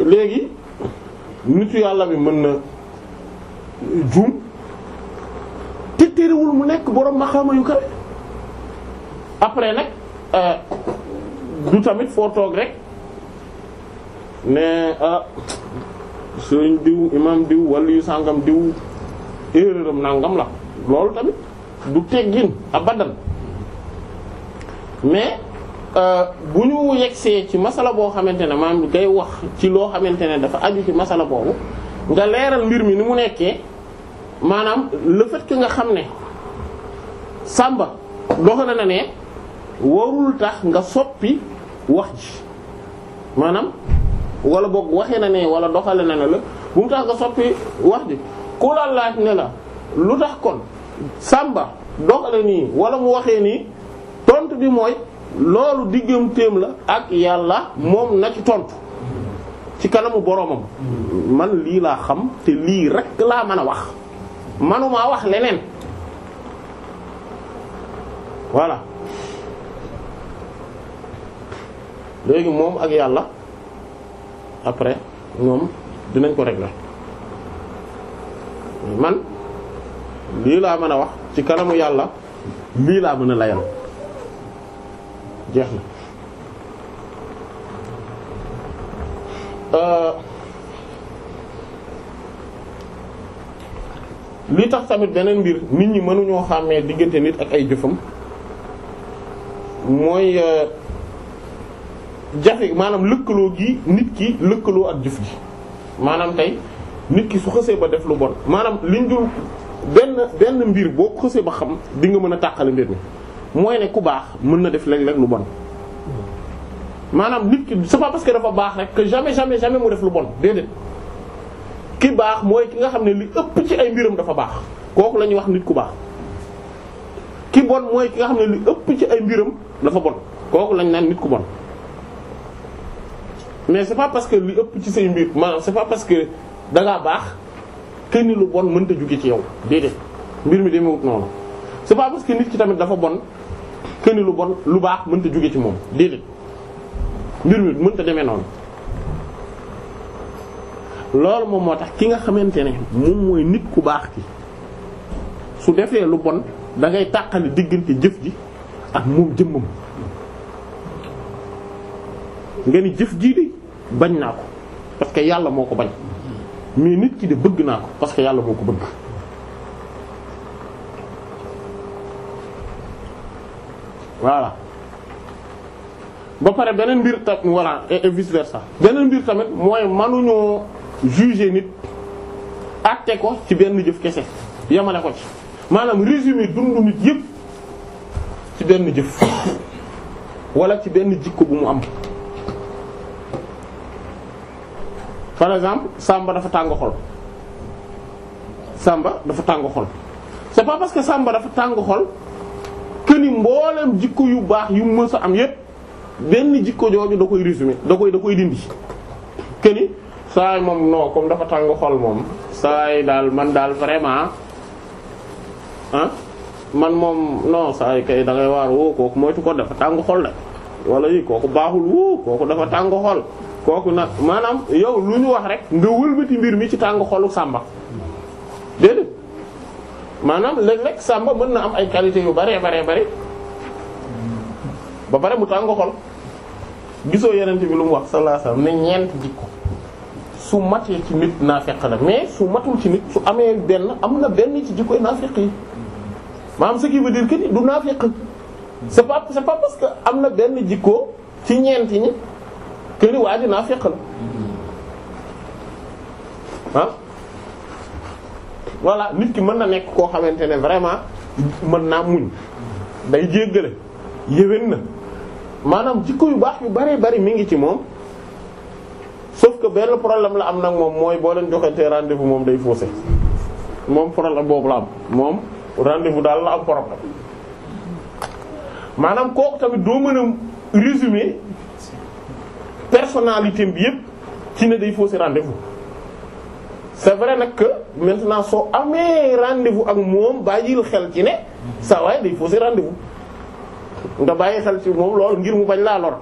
léegi nitu yàlla bi mën na jum te terewul mu nekk borom maxaama yu kawe. après nag euh, du tamit foo toog rek ne ah sëriñ diw imam diw wala sàngam diw erreuram nangam la loolu tamit du teggin abadan mais euh, bu ñu yegsee ci masala boo xamante ne maam ngay wax ci loo xamante ne dafa aju ci masala boobu nga leeral mbir mi ni mu nekkee maanaam le fait nga xam ne sàmba doxale na ne warul tax nga soppi wax ji maanaam wala boog waxee na ne wala doxale na ne la bu mu tax nga soppi wax ji ku la ne la lu tax kon sàmba doxale nii wala mu waxee nii tontu bi mooy loolu digganteem la ak yàlla moom na ci tontu ci kanamu boromam man lii laa xam te lii rek laa mën a wax manuma wax leneen voilà léegi moom ak yàlla après moom dinañ ko régler man lii laa mën a wax ci kanamu yàlla lii laa mën a layal jeex na euh, li tax tamit beneen mbir nit ñi mënuñoo xàmmee diggante nit ak ay jëfam mooy euh, jafe maanaam lëkkaloo gi nit ki lëkkaloo ak jëf ji maanaam tey nit ki su xësee ba def lu bon maanaam liñ dul benn benn mbir boo ko xësee ba xam di nga mën a tàqale mbir mi mooy ne ku baax mën na def léeg-léeg lu bon. maanaam nit ki c'est pas parce que dafa baax rek que jamais jamais def lu bon déedéet ki baax mooy ki nga xam ne li ëpp ci ay mbiram dafa baax kooku la ñuy wax nit ku baax. ki bon mooy ki nga xam ne li ëpp ci ay mbiram dafa bon kooku lañ naan nit ku bon. mais c'est pas parce que lu ëpp ci say mbir maanaam c'est pas parce que da ngaa baax kenn lu bon mënta jóge ci yow déedéet mbir mi demewut noonu c'est pas parce nit ki tamit dafa bon kenn lu bon lu baax mënta juge ci moom déedéet mbir mi mënta demee noonu. loolu moom moo tax ki nga xamante ne moom mooy nit ku baax ki su defee lu bon da ngay tàqali diggante jëf ji ak moom jëmmam. nga ni jëf jii de bañ naa ko parce que yàlla moo ko bañ mais nit ki de bëgg naa ko parce que yàlla moo ko bëgg voilà ba pare beneen mbir tam voilà et vice versa beneen mbir tamit mooy manuñoo juger nit àtte ko ci benn jëf kese yemale ko ci maanaam résumé dundu nit yépp ci benn jëf wala ci benn jikko bu mu am par exemple Samba dafa tàng xol Samba dafa tàng xol c'est pas parce que sàmba dafa tàng xol que ni mboolem jikko yu baax yu mës a am yépp benn jikko jooju da koy résumer da koy da koy dindi que saay moom non comme dafa tàng xol moom saay daal man daal vraiment ah man moom no saay kay da ngay waar woo kooku moytu ko dafa tàng xol la wala yi kooku baaxul woo kooku dafa tàng xol. kooku nag maanaam yow lu ñu wax rek nga wëlbati mbir mi ci tàng xolu sàmba déedéet maanaam léeg-léeg sàmba mën na am ay qualité yu bare bare bare ba bare mu tàng xol gisoo yeneen bi lu mu wax sallallahu alayhi wasallam ne ñeent jikko su matee ci nit naafeq la mais su matul ci nit su amee benn am na benn ci jikkoy naafeq yi maanaam ce qui veut dire que du naafeq c'est pas c'est pas parce que am na benn jikko ci ñeent ñi këni waa ji naa fekk la ah voilà nit ki mën na nekk koo xamante ne vraiment mën naa muñ day jéggale yéwén na maanaam jikko yu baax yu bari bari mi ngi ci moom sauf que benn problème la am nag moom mooy boo leen joxantee rendez-vous moom day faussé moom problème boobu la am moom rendez-vous daal la am problème maanaam kooku tamit doo mën a résumer personnalité bi yëpp ci ne day fausser rendez-vous c'est vrai nag que maintenant soo amee rendez-vous ak moom bàyyil xel ci ne saa waaye day fausser rendez-vous nga bàyyi xel ci moom loolu ngir mu bañ laa lor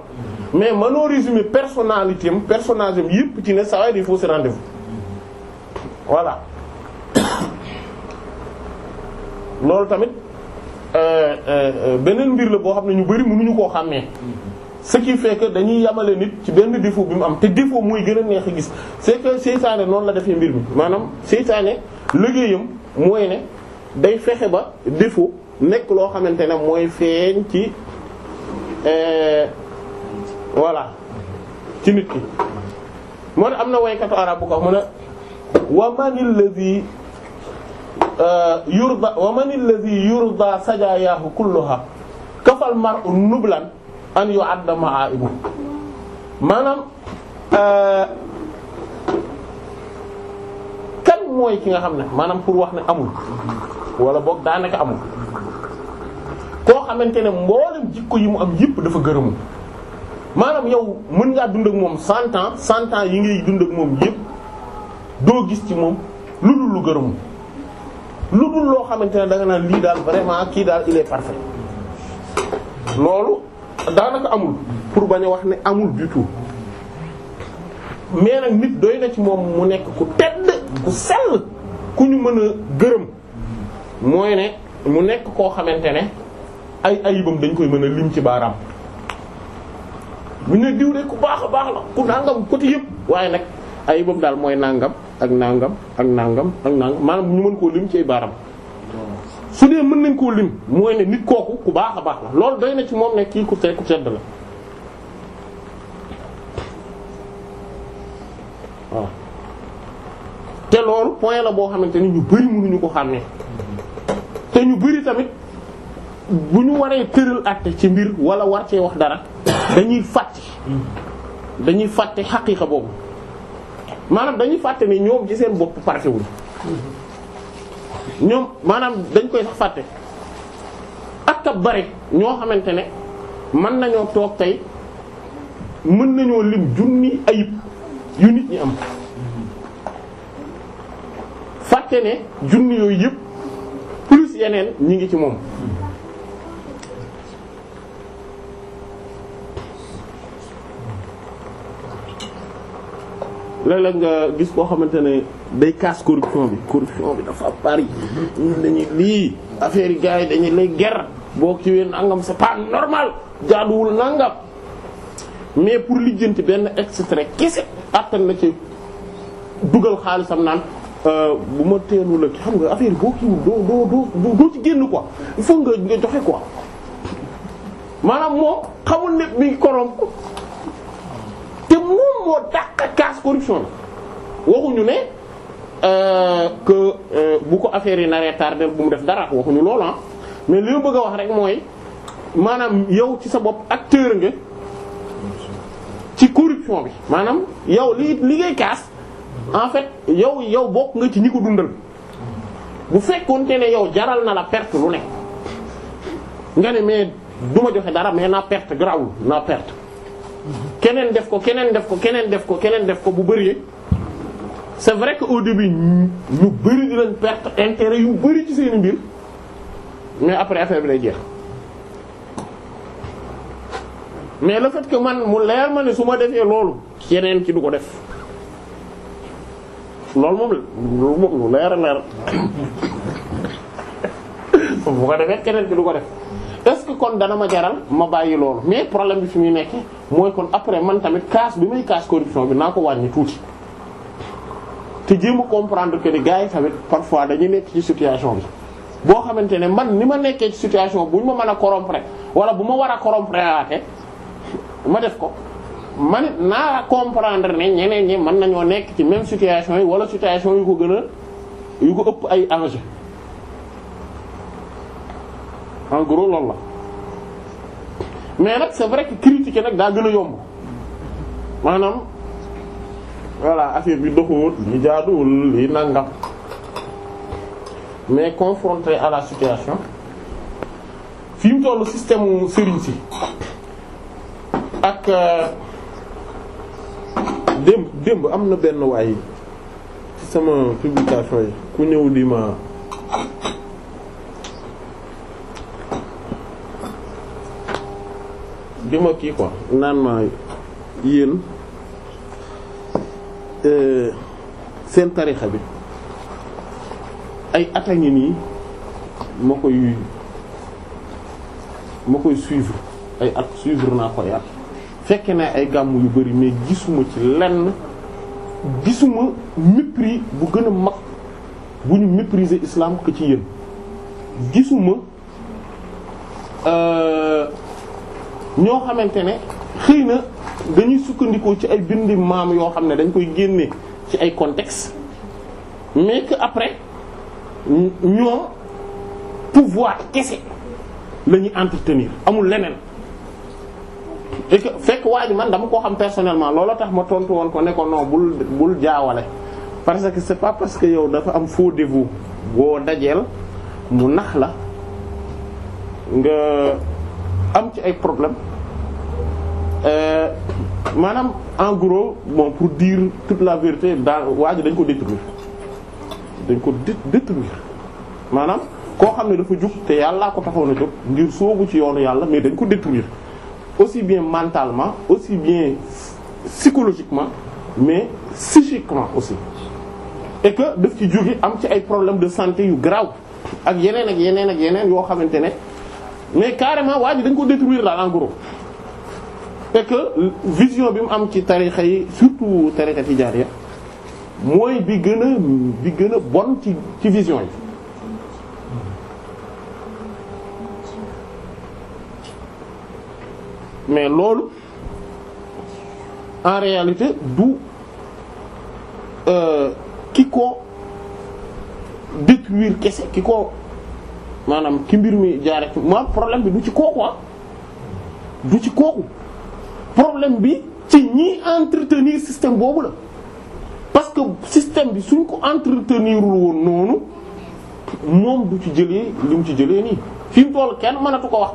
mais mënoo résumer personnalité am personnage am yëpp ci ne saa waaye day fausser rendez-vous voilà loolu tamit euh, euh, euh, beneen mbir la boo xam ne ñu bari mënuñu koo xàmmee. ce qui fait dañuy yamale nit ci benn défaut bi mu am te défaut muy gën a neex a gis c'est que seytaane noonu la defee mbir mi maanaam seytaane liggéeyam mooy ne day fexe ba défaut nekk loo xamante ne mooy feeñ ci euh, voilà ci nit ki moo ne am na waykatu arab bu ko wax mu ne wa manil euh, yurda wa manil yurda sajaayahu kulluha kafal mar'u nublan an yu àdda ma ibu maanaam euh, kan mooy ki nga xam ne maanaam pour wax ne amul wala boog daanaka amul koo xamante ne mboolem jikko yi mu am yëpp dafa gërëmu maanaam yow mën ngaa dund ak moom cent ans cent ans yi ngay dund ak moom yëpp doo gis ci moom lu dul lu gërëmu lu dul loo xamante ne da nga naan lii daal vraiment kii daal il est parfait loolu daanaka amul pour bañ a wax ne amul du mais nag nit doy na ci moom mu nekk ku tedd ku sell ku ñu mën a gërëm mooy ne mu nekk koo xamante ne ay ayibam dañ koy mën a lim ci baaraam bu ñu diw de ku baax a baax la ku nangam côté yëpp waaye nag ayibam daal mooy nangam ak nangam ak nangam ak nangam maanaam ñu mën koo lim ci ay baaraam. su dee mën nañ koo lim mooy ne nit kooku ku baax a baax la loolu doy na ci moom ne kii ku te ku tedd la waaw te loolu point la boo xamante ni ñu bari mënuñu ko xàmmee te ñu bari tamit bu ñu waree tëral àtte ci mbir wala war cee wax dara dañuy fàtte dañuy fàtte xaqiiqa boobu maanaam dañuy fàtte ne ñoom ci seen bopp partewuñ ñoom maanaam dañ koy sax fàtte ak a bari ñoo xamante ne mën nañoo toog tey mën nañoo lim junni ayib yu nit ñi am fàtte ne junni yooyu yëpp plus yeneen ñi ngi ci moom léeg-léeg nga gis koo xamante ne day kaas corruption bi corruption bi dafa bari ñun lii affaire yi gars yi dañuy lay ger boo ci ween nangam c'est pas normal jaaduwul nangam mais pour lijjanti benn extrait kese attan na ci dugal xaalisam naan euh, bu ma teelu la xam nga affaire boo kiiwul doo doo doo doo ci génn quoi il nga nga joxe quoi maanaam moom xamul ne mi ngi korom te moom moo dàq kaas corruption la waxuñu ne Euh, que euh, bu ko affaire yi naree tardé bu mu def dara waxuñu loolu ah mais li ma bëgg a wax rek mooy maanaam yow ci sa bopp acteur nga ci corruption bi maanaam yow li li ngay kaas en fait yow yow bokk nga ci ñi ko dundal bu fekkoon fekkoonte ne yow jaral na la perte lu nekk nga ne mais du ma joxe dara mais naa perte grawul naa perte keneen def ko keneen def ko keneen def ko keneen def ko bu bëree c'est vrai que au début ñu bari dinañ perte intérêt yu bari ci seen mbir mais après affaire bi lay jeex mais le fait que man mu leer ma ne su ma defee loolu keneen ki du ko def loolu moom loolu moom lu leer leer bu *coughs* ko defee keneen ci du ko def est-ce que kon dana ma jaral ma bàyyi loolu mais problème bi fi muy nekkee mooy kon après man tamit kaas bi may kaas corruption bi naa ko wàññi tuuti. te jéem a comprendre que ni gars yi tamit parfois dañuy nekk ci situation bi boo xamante ne man ni ma nekkee ci situation bu ñu ma mën a corrompre wala bu ma war a corrompre waate ma def ko man naa comprendre ne ñeneen ñi man nañoo nekk ci même situation yi wala situation yu ko gën yu ko ëpp ay enjeu en gros loolu la mais nag c'est vrai critiquer nag daa gën a yomb voilà affaire bi doxuwut li jaaduwul li nangam mais confronté à la situation fi mu tollu système mu si ak euh, démb démb am na benn waay ci sama publication yi ku ñëw di ma di ma kii quoi naan ma yéen. Euh, seen tarixa bi ay at a ngi nii ma koy ma koy suivre ay at suivre naa ko yar fekke naa ay gàmmu yu bari mais gisuma ci lenn gisuma mépris bu gën a mag bu ñu mépriser islam que ci yéen gisuma euh, ñoo xamante ne xëy na dañuy sukkandikoo ci ay bindi maam yoo xam ne dañ koy génne ci ay contexte mais que après ñoom pouvoir kese la ñuy entretenir amul leneen et fekk waa ji man dama koo xam personnellement loolu tax ma tontu woon ko ne ko non bul bul jaawale parce que c'est pas parce que yow dafa am faux dévot boo dajeel mu nax la nga am ci ay problème Euh, maanaam en moom bon pour dire toute la vérité daa waa ji dañ ko détruire dañ ko détruire maanaam koo xam ne dafa jug te yàllaa ko taxaw na jóg ngir soobu ci yoonu yàlla mais dañ ko détruire aussi bien mentalement aussi bien psychologiquement mais psychiquement aussi et que def ci jóge am ci ay problème de santé yu grave ak yeneen ak yeneen ak yeneen yoo xamante ne mais carrément waa ji dañ ko détruire daal en et vision bi mu am ci tarixa yi surtout tarixa tijaaniya mooy bi gën a bi gën a bon ci ci vision yi mais loolu en réalité du euh, ki ko détruire kese ki ko maanaam ki mbir mi jaare ci ma problème bi du ci kooku ah du ci kooku problème bi ci ñi entretenir système boobu la parce que système bi suñ ko entretenirul woon noonu moom du ci jëlee li mu ci jëlee nii fi mu toll kenn mënatu ko wax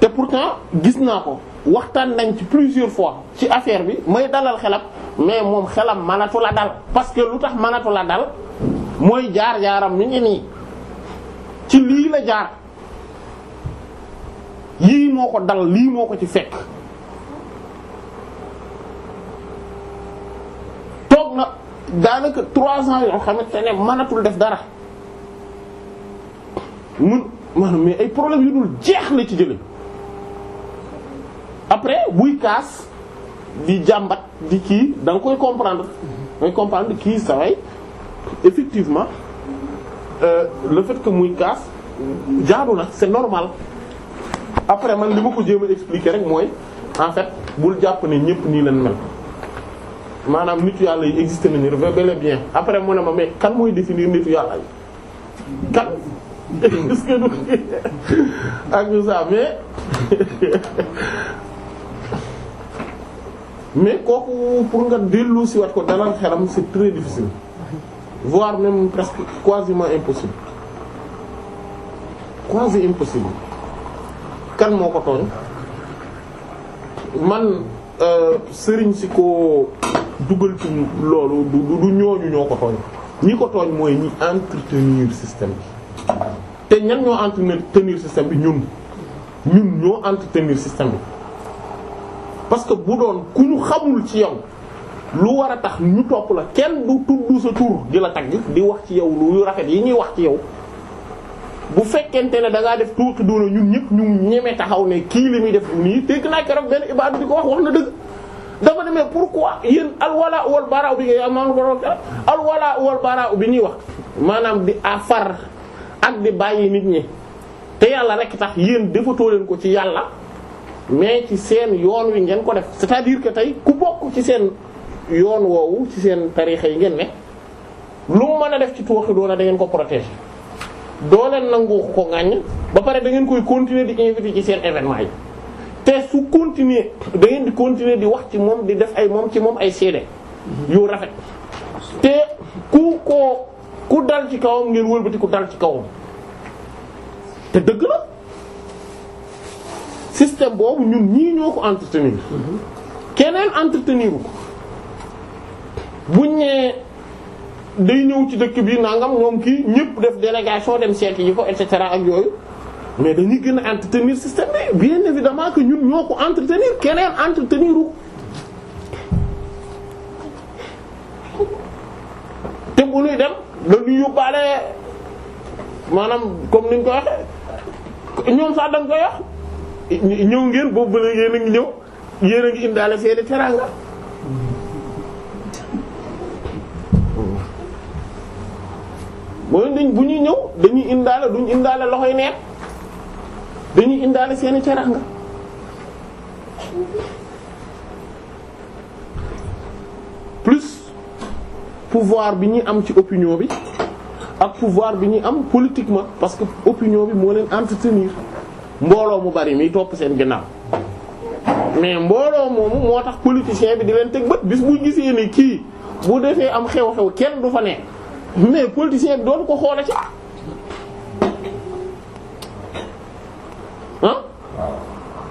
te pourtant gis naa ko waxtaan nañ ci plusieurs fois ci affaire bi may dalal xelab mais moom xelam mënatu la dal parce que lu tax mënatu la dal mooy jaar-jaaram mi ngi nii ci lii la jaar yii moo ko dal lii moo ko ci fekk toog na daanaka trois ans yoo xamante ne mënatul def dara mun maanaam mais ay problème yu dul jeex la ci jëlee après buy kaas di jàmbat di kii da nga koy comprendre ngay comprendre kii saway effectivement euh, le fait que muy kaas jaadu na c'est normal après man li ma ko jéem a expliquer rek mooy en fait bul jàpp ne ñépp nii leen mel maanaam nitu yàlla yi existé nañu bel et bien ne ma mais kan mooy définir nitu yàlla yi kan *laughs* est-ce ak ça *laughs* mais kooku pour nga dellu si wat ko dalal xelam c'est très difficile voire même presque quasiment impossible quasi impossible kan moo ko tooñ man euh, sëriñ si ko dugal ci loolu du ñooñu ñoo ko tooñ ñi ko tooñ mooy ñi entretenir système bi te ñan ñoo entretenir système bi ñun ñun ñoo entretenir système bi parce que bu doon ku ñu xamul ci yow lu war a tax ñu topp la kenn du tudd sa tur di la tagg di wax ci yow lu rafet yi ñuy wax ci yow bu fekkente ne da ngaa def tuuti doona ñun ñëpp ñu ñeme taxaw ne kii li muy def nii dégg naa keroog benn ibaadu bi ko wax wax na dëgg. dama demee mais pourquoi yéen alwala wal bara bi nga ma borom alwala wal bara bi ñuy wax maanaam di afar ak di bàyyi nit ñi te yàlla rek tax yéen defatoo leen ko ci yàlla mais ci seen yoon wi ngeen ko def cest à diir que tey ku bokk ci seen yoon woowu ci seen tarixa yi ngeen ne lu mu mën a def ci tooxi doona da ngeen ko protéger doo leen nangu ko ŋàññ ba pare da ngeen koy continuer di inviter ci seen événement yi te su continuer da di continuer di wax ci moom di def ay moom ci moom ay seede yu rafet te ku ko ku dal ci kawam ngeen wëlbati ku dal ci kawam te dëgg la système boobu ñun ñii ñoo ko entretenir keneen entretenir ko buñ nee day ñëw ci dëkk bi nangam moom kii ñëpp def délégation dem seeti yi ko et cetera ak yooyu mais dañuy gën a entretenir système bi bien évidemment que ñun ñoo ko entretenir keneen entretenir u te bu ñuy dem dañuy yóbbaale maanaam comme ni ñu ko waxee ñoom sax dañ koy wax ñëw ngeen boobu ba léegi yéen a ngi ñëw yéen a ngi indaale seeni teraanga mooy dañ bu ñuy ñëw dañuy indaale duñ indaale loxoy neen dañuy indaale seeni teraanga plus pouvoir bi ñuy am ci opinion bi ak pouvoir bi ñuy am politiquement parce que opinion bi moo leen entretenir mbooloo mu bari mi topp seen ginnaaw mais mbooloo moomu moo tax politicien bi di leen teg bët bis bu gisee ni kii bu defee am xew-xew kenn du fa ne mais politicien bi doon ko xoolati. ah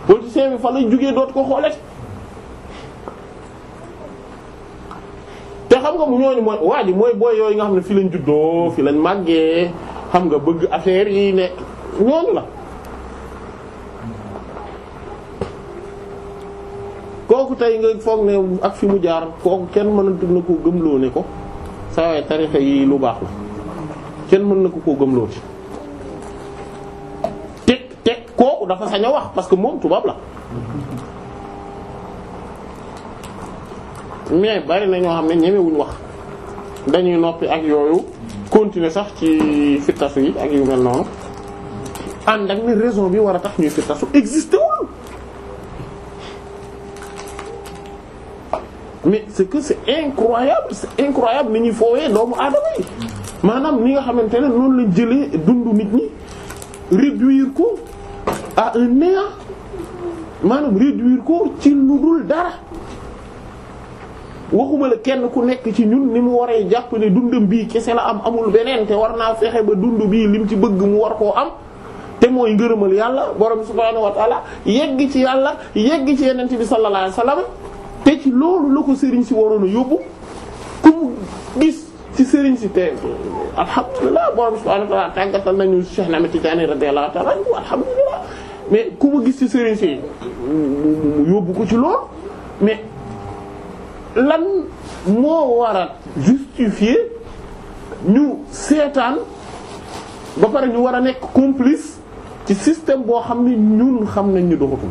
politicien bi fa lay jugee dootu ko xoolee te xam nga mu ñooñu mooy waa ji mooy booy yooyu nga xam ne fi lañ juddoo fi lañ màggee xam nga bëgg affaire yi ne ñooñu la kooku tey nga foog ne ak fi mu jaar kooku kenn mënatu na ko gëmloo ne ko saa tarixa yi lu baax la kenn mën na ko koo gëmloo ci kooku dafa sañ wax parce que moom tubaab la mais bari na ñoo xam ne ñemewuñ wax dañuy noppi ak yooyu continuer sax ci firtasu yi ak yu mel noonu ànd ak ne raison bi war a tax ñuy firtasu existé woon mais c'est que c'est incroyable c'est incroyable ni ñuy foowee doomu aadama yi maanaam ni nga xamante ne noonu lañ jëlee dundu nit ñi réduire ko à un néant maanaam ko ci lu dul dara waxuma la kenn ku nekk ci ñun ni mu waree jàpp ne dundam bii kese la am amul beneen te war naa fexe ba dund bii lim ci bëgg mu war koo am te mooy ngërëmal yàlla borom subhaanahu wa taala ci yàlla yegg ci yenent bi sallallahu alayhi wasallam te ci loolu la ko sëriñ si waroon a yóbbu ku mu gis ci sëriñ si te alhamdulilah borom subhaanahu wa tàggatal nañu Cheikh Ahmed Tidiane radiyallahu ta'ala anhu mais ku ma gis ci sëriñ si mu yóbbu ko ci lool mais lan moo war a justifier ñu seetaan ba pare ñu war a nekk complice ci système boo xam ne ñun xam nañ ñu doxatul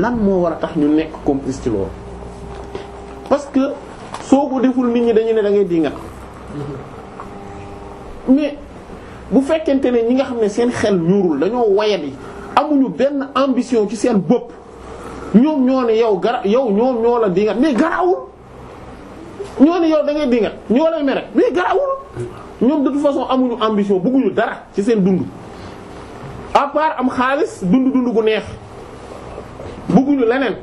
lan moo war a tax ñu nekk complice ci loolu parce que soo ko deful nit ñi dañu ne da ngay dingat mm-hmm. mais bu fekkente ne ñi nga xam ne seen xel ñuurul dañoo wayadi amuñu benn ambition ci seen bopp ñoom ñoo ne yow gara yow ñoom ñoo la dingat mais garawul ñoo ne da ngay dingat ñoo lay mere ñoom de façon amuñu ambition bëgguñu dara ci seen dund à part am xaalis dund dund gu neex bëgguñu leneen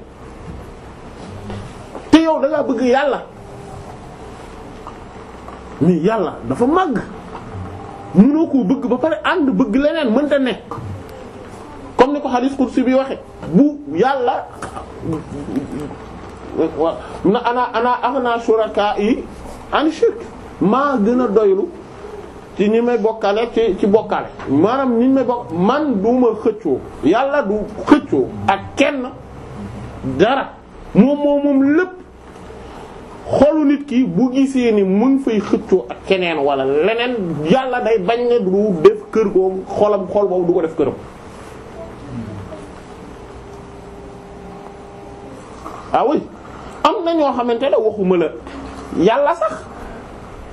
te yow dangaa bëgg yàlla mais yàlla dafa màgg mënoo ko bëgg ba pare ànd bëgg leneen mënta nekk comme ni ko hadith qudsi bi waxe bu yàlla na ana ana aghna shuraka'i an shirk maa gën a doylu ci ñi may bokkale ci ci bokkale maanaam ñi may bokk man duma xëccoo yàlla du xëccoo ak kenn dara moom moom moom lépp xolu nit ki bu gisee ni muñ fay xëccoo ak keneen wala leneen yàlla day bañ ne du def kër googu xolam xol boobu du ko def këram. ah oui am na ñoo xamante ne waxuma la yàlla sax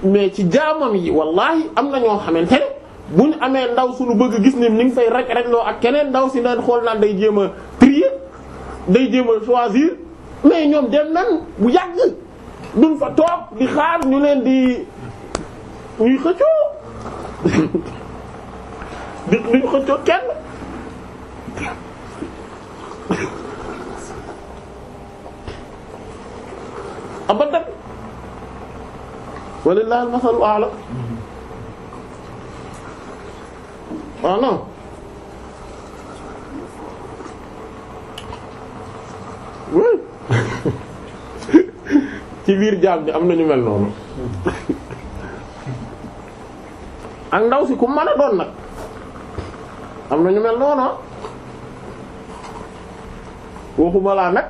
mais ci jaamam yi wallahi am na ñoo xamante ne bu ñu amee ndaw suñu bëgg gis ni ñu ngi fay rek rek loo ak keneen ndaw si naan xool naan day jéem a trier day jéem a choisir mais ñoom dem nan bu yàgg. duñ fa toog di xaar ñu leen di ñuy xëccoo di duñ xëccoo kenn abadan walillahi al masalu a'la ah non ci biir jaam bi am na ñu mel noonu ak ndaw si ku mën a doon nag am na ñu mel noonu waxuma laa nag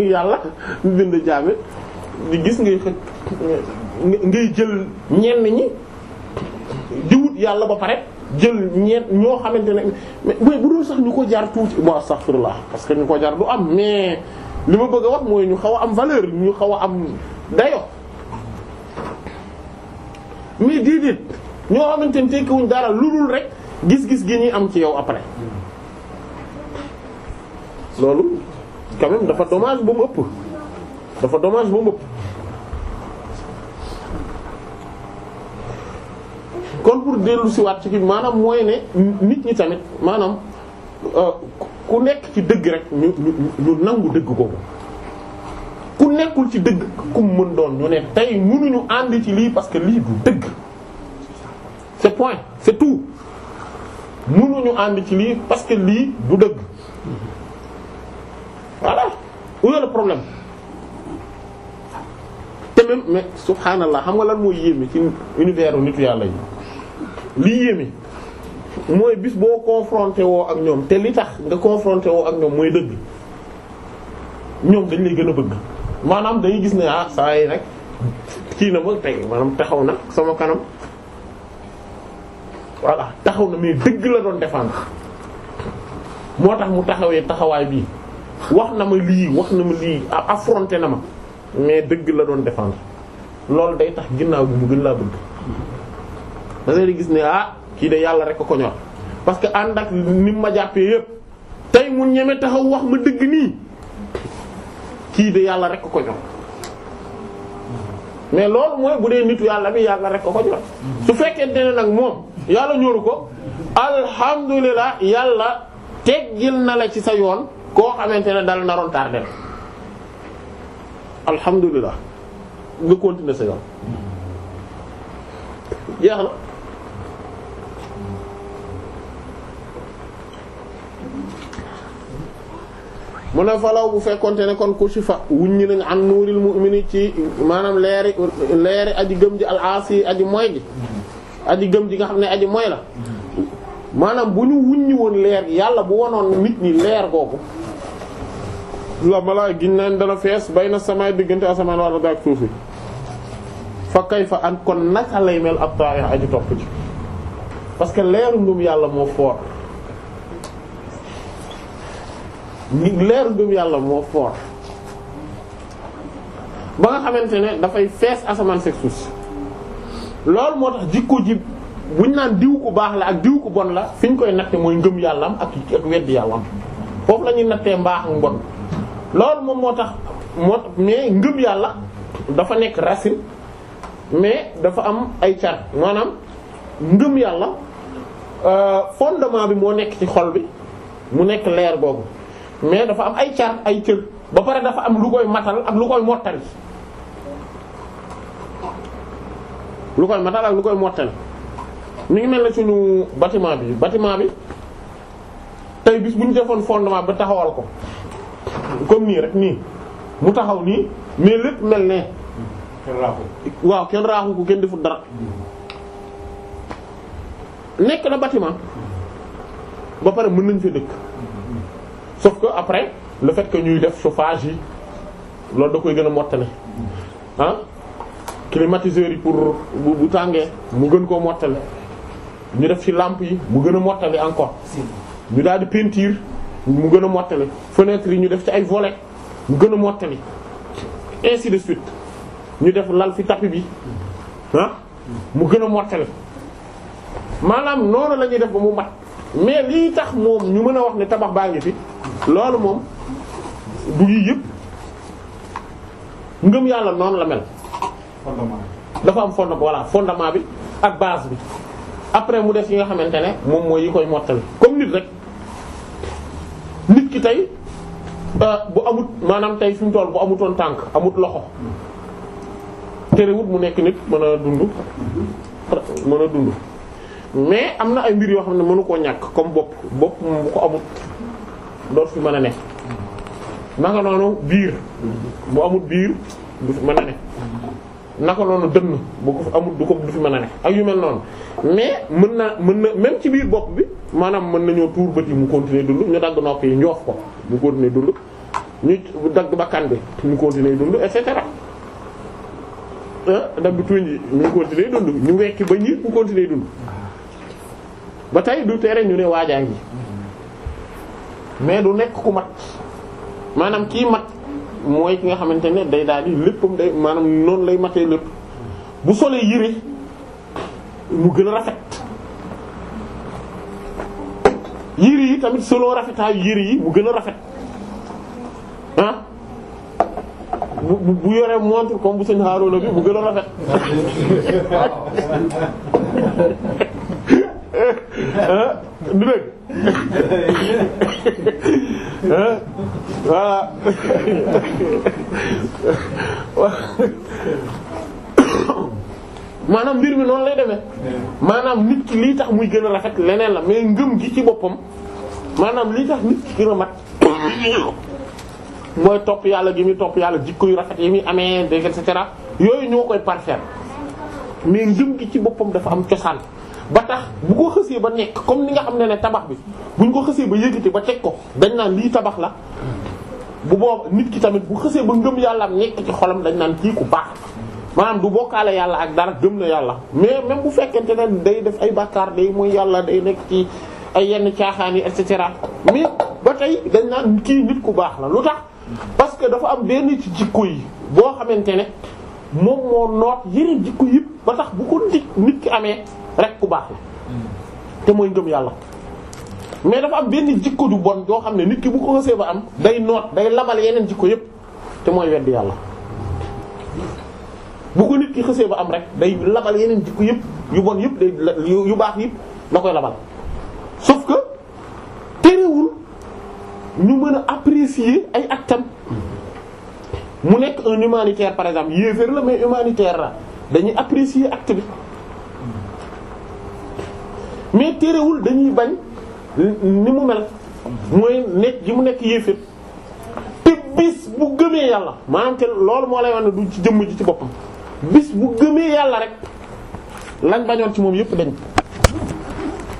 yàlla mu bind jaam di gis ngay xëj ngay jël ñenn ñi di yàlla ba pare jël ñeent ñoo xamante ne mais bu dul sax ñu ko jar tuuti bon astaghfirullah parce que ñu ko jar du am mais. li ma bëgg a wax mooy ñu xaw a am valeur ñu xaw a am dayo mais déedéet ñoo xamante ni tekkiwuñ dara lu dul rek gis-gis gi ñuy am ci yow après loolu quand dafa dommage ba mu dafa dommage ba ëpp kon pour dellu siwaat ci kii maanaam mooy nit ñi tamit maanaam Euh, ku nekk ci dëgg rek ñu ñu nangu dëgg ko ku nekkul ci dëgg ku mën doon ñu ne tey mënuñu ànd ci lii parce que lii du dëgg c'est point c'est tout mënuñu ànd ci lii parce que lii du dëgg voilà où est le problème te même mais subhaanallah xam nga lan mooy yéeme ci univers nitu yàlla yi lii yéeme. mooy bis boo confronté woo ak ñoom te li tax nga confronté woo ak ñoom mooy dëgg ñoom dañ lay gën a bëgg maanaam dañuy gis ne ah saa rek kii na ma tey maanaam taxaw na sama kanam voilà taxaw na mais dëgg la doon défendre moo tax mu taxawee taxawaay bii wax na ma lii wax na ma lii affronté na ma mais dëgg la doon défendre loolu day tax ginnaaw bi mu gën laa bëgg da ngay gis ne ah kii de yàlla rek ko ñor parce que ànd ak ni ma jàppee yépp tey mu ñeme taxaw wax ma dëgg nii kii de yàlla rekk ko ñor mais loolu mooy bu dee nitu yàlla bi yàlla rek ko ñor su fekkente ne nag moom yàlla ñoru ko alhamdulilah yàlla teggil na la ci sa yoon koo xamante ne dal naroon tardé alhamdulilah nga continuer sa yoon jeex mu ne falaw bu fekkonte ne kon ku ci fa wuññi nañ an nuuril mu'mini ci maanaam leeri leeri aji gëm ji al aasi aji moy ji aji gëm ji nga xam ne aji moy la maanaam bu ñu wuññi woon leer yàlla bu wonoon nit ñi leer googu la malaa giñ naan dana fees bay na samay diggante asamaan wala daak suufi fa kay fa an kon naka lay mel ab taax aji topp ci parce que leeru ngëm yàlla moo foor leeru gëm yàlla moo fort ba nga xamante ne dafay fees asamaan seeg loolu moo tax jikko ji buñ naan diw ku baax la ak diw ku bon la fi ñu koy natte mooy ngëm yàlla ak ak weddi yàllam foofu la ñuy nattee mbaax ak mbon loolu moom moo tax moo tax mais ngëm yàlla dafa nekk racine mais dafa am ay car maanaam ngëm yàlla euh, fondement bi moo nekk ci xol bi mu nekk leer boobu mais dafa am ay car ay cër ba pare dafa am lu koy matal ak lu koy mottali lu koy matal ak lu koy mottali mi ngi mel na suñu batiment bi batiment bi tey bis bu ñu defoon fondement ba taxawal ko comme nii rek nii mu taxaw nii mais lépp mel ne waaw kenn raaxu ko kenn deful dara nekk na batiment ba pare mën nañ fi dëkk sauf que après le fait que ñuy def chauffage yi loolu da koy gën a mottale ah climatiseurs yi pour bu tàngee mu gën koo mottale ñu def ci làmp yi mu gën a mottale encore ñu daal di peinture mu gën a mottale fenêtre yi ñu def ci ay volets mu gën a mottali ainsi de suite ñu def lal fi bi ah mu gën a mottali maanaam noonu la ñuy def ba mu mat mais lii tax moom ñu mën a wax ne tabax baa ngi fi loolu moom du yii yëpp ngëm yàlla noonu la mel. dafa am fondement voilà fondement bi ak baas bi après mu def yi nga xamante ne moom mooy yi koy mottali comme nit rek nit ki tey euh, bu amut maanaam tey fi mu toll bu amutoon tànk amut loxo terewut mu nekk nit mën a dund mën a dund mais am na ay mbir yoo xam ne mënu koo ñàkk comme bopp bopp moom bu ko amut. dootu fi mën a ne naka noonu biir bu amul biir du fi mën a ne naka noonu dënn bu ko amul du ko du fi mën a ne ak yu mel noonu mais mën na mën na même ci biir bopp bi maanaam mën nañoo tuur bët yi mu continuer dund ñu dagg nopp yi njoof ko mu continuer dund ñu dagg bakkan bi ñu continuer dund et cetera ah, dagg tuñ yi ñu continuer dund ñu wekki ba ñi mu continuer dund ba tey du tere ñu ne waajaa ngi mais du nekk ku mat maanaam kii mat mooy ki nga xamante ne day daal di léppam day maanaam noonu lay matee lépp bu solee yére mu gën a rafet yére yi tamit selon rafetaayu yére yi mu gën a rafet ah bu bu yoree montre comme bu sëñ Harouna bi mu gën a rafet *laughs* du dëgg voilà *coughs* maanaam mbir mi noonu lay demee maanaam nit ki lii tax muy gën a rafet leneen la mais ngëm gi ci boppam maanaam lii tax nit ki gën a mat *coughs* mooy topp yàlla gi muy topp yàlla jikko yu rafet yi muy amee dégg et yooyu ñoo koy parfaire mais ngëm gi ci boppam dafa am cosaan. ba tax bu ko xësee ba nekk comme ni nga xam ne ne tabax bi buñ ko xësee ba yëkkati ba teg ko dañ naan lii tabax la bu boobu nit ki tamit bu xësee ba ngëm yàllaam nekk ci xolam dañ naan kii ku baax maanaam du bokkaale yàlla ak dara gëm yàlla mais même bu fekkente ne day ay bàkkaar day mooy yàlla day nekk ci ay yenn caaxaan et cetera mais ba tey dañ naan kii nit ku baax la lu tax parce que dafa am benn ci jikko yi boo xamante ne moom moo noot yeneen jikko yëpp ba tax bu ko nit nit ki amee rek ku baax la te mooy ngëm yàlla mais dafa am benn jikko du bon yoo xam ne nit ki bu ko xësee ba am day noot day labal yeneen jikko yépp te mooy weddi yàlla bu ko nit ki xësee ba am rek day labal yeneen jikko yépp yu bon yépp day yu baax yépp la koy labal sauf que terewul ñu mën a apprécier ay actam mu nekk un humanitaire par exemple yéeféer la mais humanitaire la dañuy apprécier act bi mais téerewul dañuy bañ ni mu mel mooy nekk gi mu nekk yéeféet te bis bu gëmee yàlla maanaam te loolu moo lay wax ne du ci jëmm ji ci boppam bis bu gëmee yàlla rek lañ bañoon ci moom yépp dañ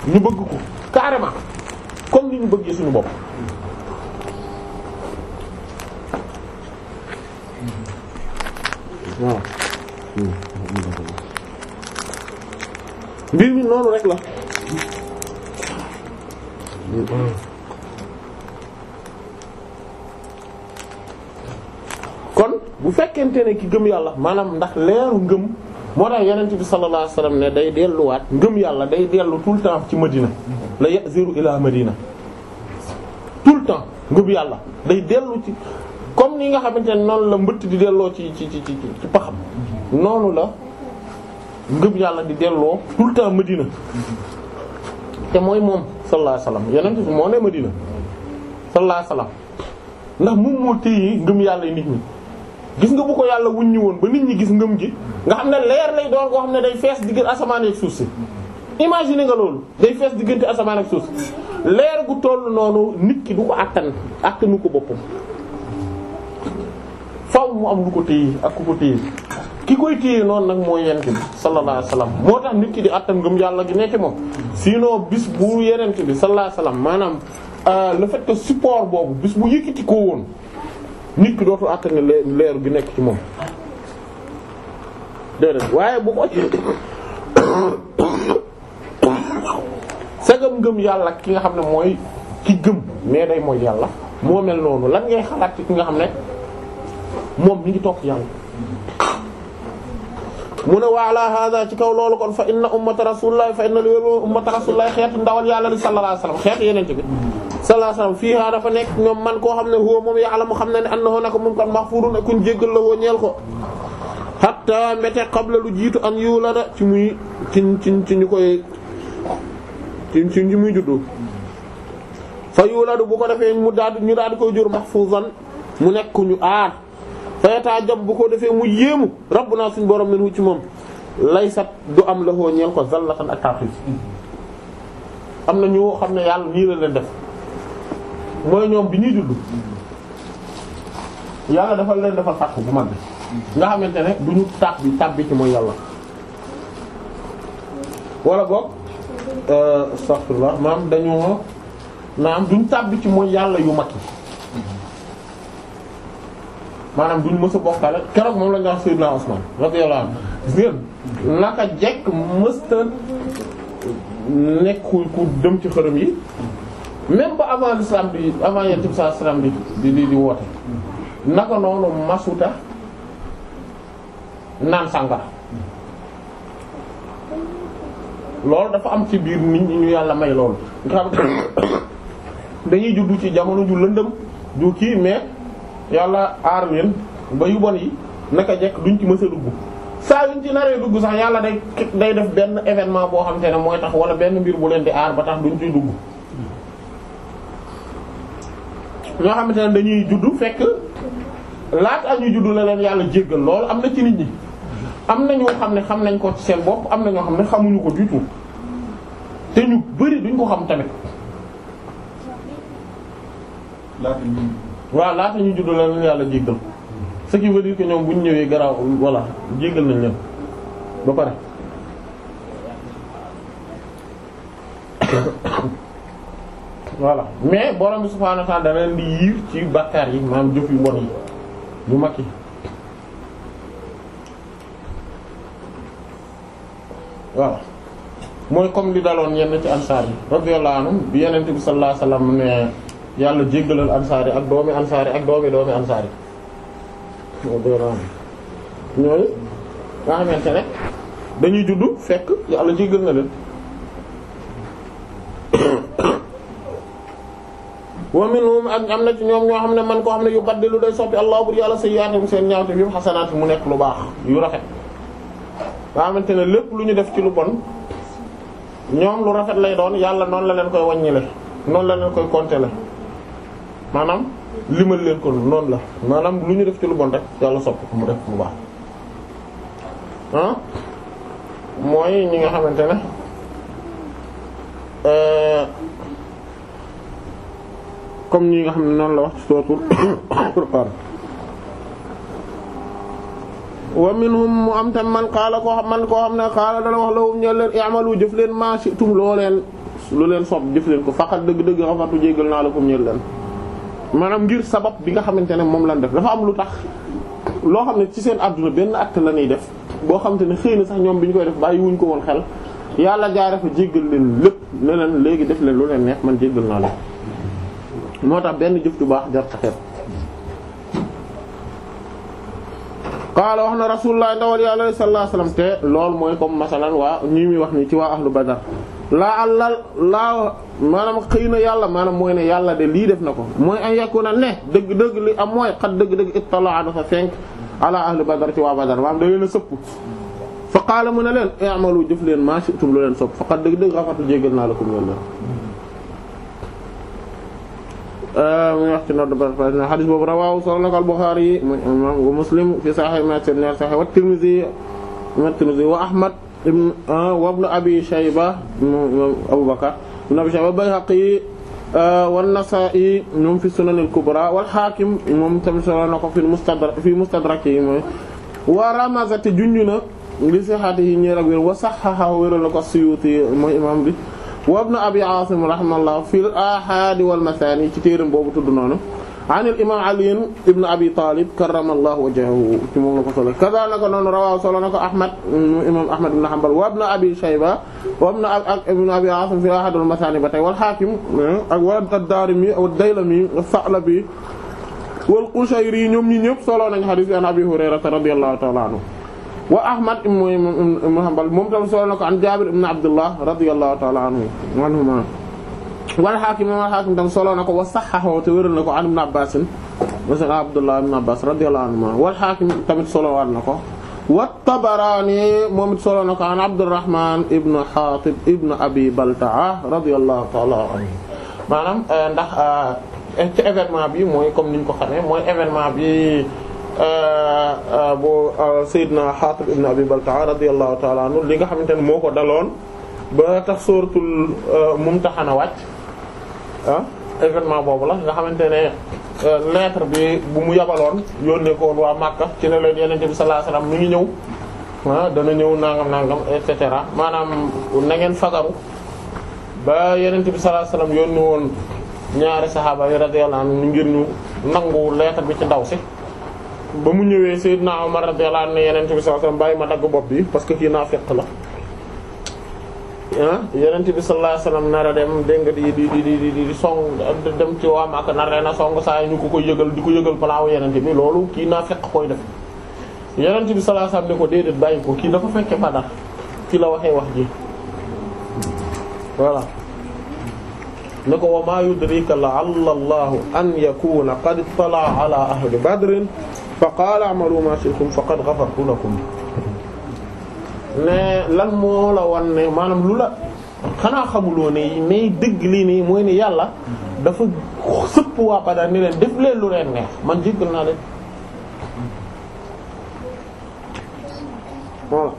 ñu bëgg ko carrément comme ni ñu bëggee suñu bopp waaw mbir mi noonu rek la kon bu fekkente ne ki gëm yàlla maanaam ndax leeru ngëm moo tax yonent bi sallallahu alayhi wasallam ne day delluwaat ngëm yàlla day dellu tout le temps ci Madina la yaziru ila Madina tout le temps ngëm yàlla day dellu ci comme ni nga xamante ne noonu la mbëtt di delloo ci ci ci ci paxam noonu la ngëm yàlla di delloo tout temps Madina te mooy moom. sallallahu alayhi wasallam yonent bi moo ne Madina sallallahu alayhi wasallam ndax moom moo téye ngëm yàlla nit ñi gis nga bu ko yàlla wuñ wuññi woon ba nit ñi gis ngëm ji nga xam ne leer lay doon goo xam ne day fees digg asamaan ak suuf si imagine nga loolu day fees diggante asamaan ak suuf si leer gu toll noonu nit ki du ko àttan àttanu ko boppam faw mu am lu ko téye ak ku ko téye ki koy téye noonu nag mooy yenent bi sallallahu alayhi wa sallam moo tax nit ki di attan ngëm yàlla gi nekk moom sinon bis bu yenent bi sallallahu alayhi wa sallam maanaam euh, le fait que support boobu bis bu yëkkati ko woon nit ki dootul attan leer bi nekk ci moom déedéet waaye bu ko *coughs* sagam ngëm yàlla ki nga xam ne mooy ki gëm mais day mooy yàlla moo mel noonu lan ngay xalaat ci ki nga xam ne moom mi ngi toog yàlla mu ne wa ala hada ci kaw loolu kon fa inna ummata rasulillahi fa inna liwér ummata rasulillahi xeet ndawal yàlla li sallallahu alayhi wasallam xeet yenente bi sallallahu alayhi wasallam fiihaa dafa nekk ñoom man koo xam ne huwa moom ya'lamu xam ne ne annahu naka mun kon maghfurun akuñ jéggal la woo ñeel ko hatta mbéte qabla lu jiitu an yulada ci muy ci ci ci ñu koy ci ci muy juddu fa yuladu bu ko defee mu daal ñu daal di koy jur mahfuzan mu nekk ñu aar fayataa jab bu ko defee mu yéemu rabbuna suñ borom min wu ci moom sat du am la xoo ñeel ko zallatan ak tarxiis am na ñu xam ne yàlla nii la leen def mooy ñoom bi ñuy judd yàlla dafa leen defal fàq bu mag nga xamante ne du ñu tàb bi tàb ci mooy yàlla wala boog euh, la maam dañoo naam duñ tàb bi ci mooy yàlla yu mag yi maanaam duñ ñu a bokkaale keroog moom la ñu wax Seydina Usmaan radiyallahu anhu gis ngeen naka jekk mësta nekk ku ku ci xërëm yi même ba avant l'islam bi avant yent bi saa salaam di di di woote naka noonu masuta naan sàngara loolu dafa am ci biir nit ñu yàlla may loolu dañuy juddu ci jamono ju lëndëm ju kii mais yàlla aar leen ba yu bon yi naka jekk duñ ci mës a dugg saa yuñ ci naree dugg sax yàlla day day def benn événement boo xam te ne mooy tax wala benn mbir bu leen di aar ba tax duñ ciy dugg. ñoo xamante ne dañuy juddu fekk laata ñuy juddu la leen yàlla jéggal loolu am na ci nit ñi am na ñoo xam ne xam nañ ko ci seen bopp am na ñoo xam ne xamuñu ko du tout te ñu bari duñ ko xam tamit. waaw laata ñu judd la yàlla jéggal ce qui veut dire ñoom bu ñu ñëwee garaaw voilà jéggal nañ leen ba pare. *coughs* voilà mais borom bi subhaanahu wa ta'aala dana leen di yiir ci bakkaar yi maanaam jëf yu bon yi yu mag yi voilà mooy comme li daloon yenn ci ansaar yi radiyallahu bi Yonent bi sallallahu alayhi wa ne. yàlla jéggalal ansaari ak doomi ansaari ak doomi doomi ansaari ñooyu nga xamante ne dañuy judd fekk yàlla jéggal na leen wa minhum ak am na ci ñoom ñoo xam ne man koo xam ne yu baddilu day soppi allah bur yàlla sayyi'aatum seen ñaawte bi xasanaat mu nekk lu baax yu rafet nga xamante ne lépp lu ñu def ci lu bon ñoom lu rafet lay doon yàlla noonu la leen koy wàññile noonu la leen koy compter maanaam limal leen ko noonu la maanaam lu ñu def ci lu bon rek yàlla sopp ko mu def mu baax ah mooy ñi nga xamante ne euh, comme ñi nga xam ne noonu la wax ci sootul Furqaan wa minhum mu am tam man xaala koo xam ne xaala dana wax lawum ñe leen i'malu jëf leen ma shi'tum loo leen lu leen sopp jëf leen ko faqat dëgg-dëgg xafartu jéggal naa la kum ñe leen maanaam ngir sabab bi nga xamante ne moom lan def dafa am lu tax loo xam ne ci seen àdduna benn acte la ñuy def boo xamante ne xëy na sax ñoom bi ñu koy def bàyyi wuñ ko woon xel yàlla jaare fa jéggal leen lépp ne leen léegi def leen lu leen neex man jéggal naa leen moo tax benn jëf ju baax jar taxeet qaala wax na rasulullah ndawal yàlla sallallahu alayhi wasallam te loolu mooy comme masalan waa ñi muy wax ni ci waa ahlu badar laa àllal laa maanaam xëy na yàlla maanaam mooy ne yàlla de lii def na ko mooy an yakuna ne dëgg dëgg li am xat dëgg-dëgg ittala dafa fenk ala ahli badar ci waa badar maanaam da leen a sëpp mu ne leen i'malu eh, jëf leen ma shi'tum lu leen sopp fa dëgg-dëgg xafatu jégal naa la ko ñoon la muy wax ci nodd ba xadis boobu rawahu solo na al Bukhari mu Muslim fi sahih ma seen leer sahih wa Tirmidhi wa Tirmidhi wa Ahmad ibn ah, wabnu abi shayba abu bakar ibn abi shayba bayhaqi ah, wan nasa'i ñoom fi sunan al kubra wal hakim moom tamit solo na ko fi mustadrak fi mustadrak yi mooy wa ramazati junju na li sihhati yi ñeer ak wér wa sahhaha wéral na ko suyuti mooy imam bi wa ibn abi asim rahimahullah fil ahadi wal masani ci téeram boobu tudd noonu anil imam ali ibn abi talib karramallahu wajhahu ci moom la ko solo kaza naka noonu rawaw solo na ko ahmad imam ahmad ibn hanbal wa ibn abi shayba wa ibn ibn abi asim fi ahad al masani ba tey wal hakim ak wa ad-darimi wa ad-daylami wa sa'labi wal qushayri ñoom ñi ñëpp solo nañ hadith bi an abi hurayra radiyallahu ta'ala anhu wa ahmad ibn hanbal moom tam solo na ko an jabir ibn abdullah radiyallahu ta'ala anhu anhuma wal Haakim imaam al-Haakim tam solo na ko wa sahhahu te wéral na ko an Ibn Abbaas masan Abdullah ibn Abbaas radiyallahu anhuma wal Haakim tamit solo waat na ko wa Tabaraani moom it solo na ko an Abdurrahmaan ibn Haatib ibn Abi Balta'a radiyallahu ta'ala anhu maanaam eh, ndax eh, ci événement bi mooy comme niñ ko xamee mooy événement bi eh, bu Seydina Haatib ibn Abi Balta'a radiyallahu ta'ala anhu li nga xamante ne moo ko daloon ba tax sóoratul Mumtahana wàcc ah événement boobu la nga xamante ne euh, lettre bi bu mu yabaloon yónnee ko waa Makka ci ne leen Yonent bi sallallahu alayhi mi ngi ñëw ah dana ñëw nangam nangam et cetera maanaam nangeen ngeen fagaru ba Yonent bi sallallahu alayhi wasallam yónnee woon ñaari saxaaba yi radiyallahu anhum ngir ñu nangu leetar bi ci ndaw si. ba mu ñëwee Seydina Omar radiyallahu anhu ne Yonent bi sallallahu alayhi wasallam bàyyi ma dagg bopp bi parce que kii naa fekk la. Ah, yonent bi sallallahu alayhi wasallam a dem dégg nga di di di di song dem ci waa Makka nar leen a song saa ñu ko koy yëgal di ko yëgal palaawu yonent bi loolu kii naa fekk koy def yonent bi sallallahu alayhi wasallam ne ko déedéet bàyyi ko kii dafa fekke Badar ci la waxee wax ji voilà ne ko wa maa yudrika la'alla Allahu an yakuna qad ittala'a ala ahli badrin fa qaala a'malu ma shi'tum faqad ghafartu lakum ne lan moo la wan ne maanaam lu la xanaa xamuloo ne ne dëgg lii nii mooy ne yàlla dafa sëpp waa Badar ni leen def leen lu leen neex man jéggal naa leen voilà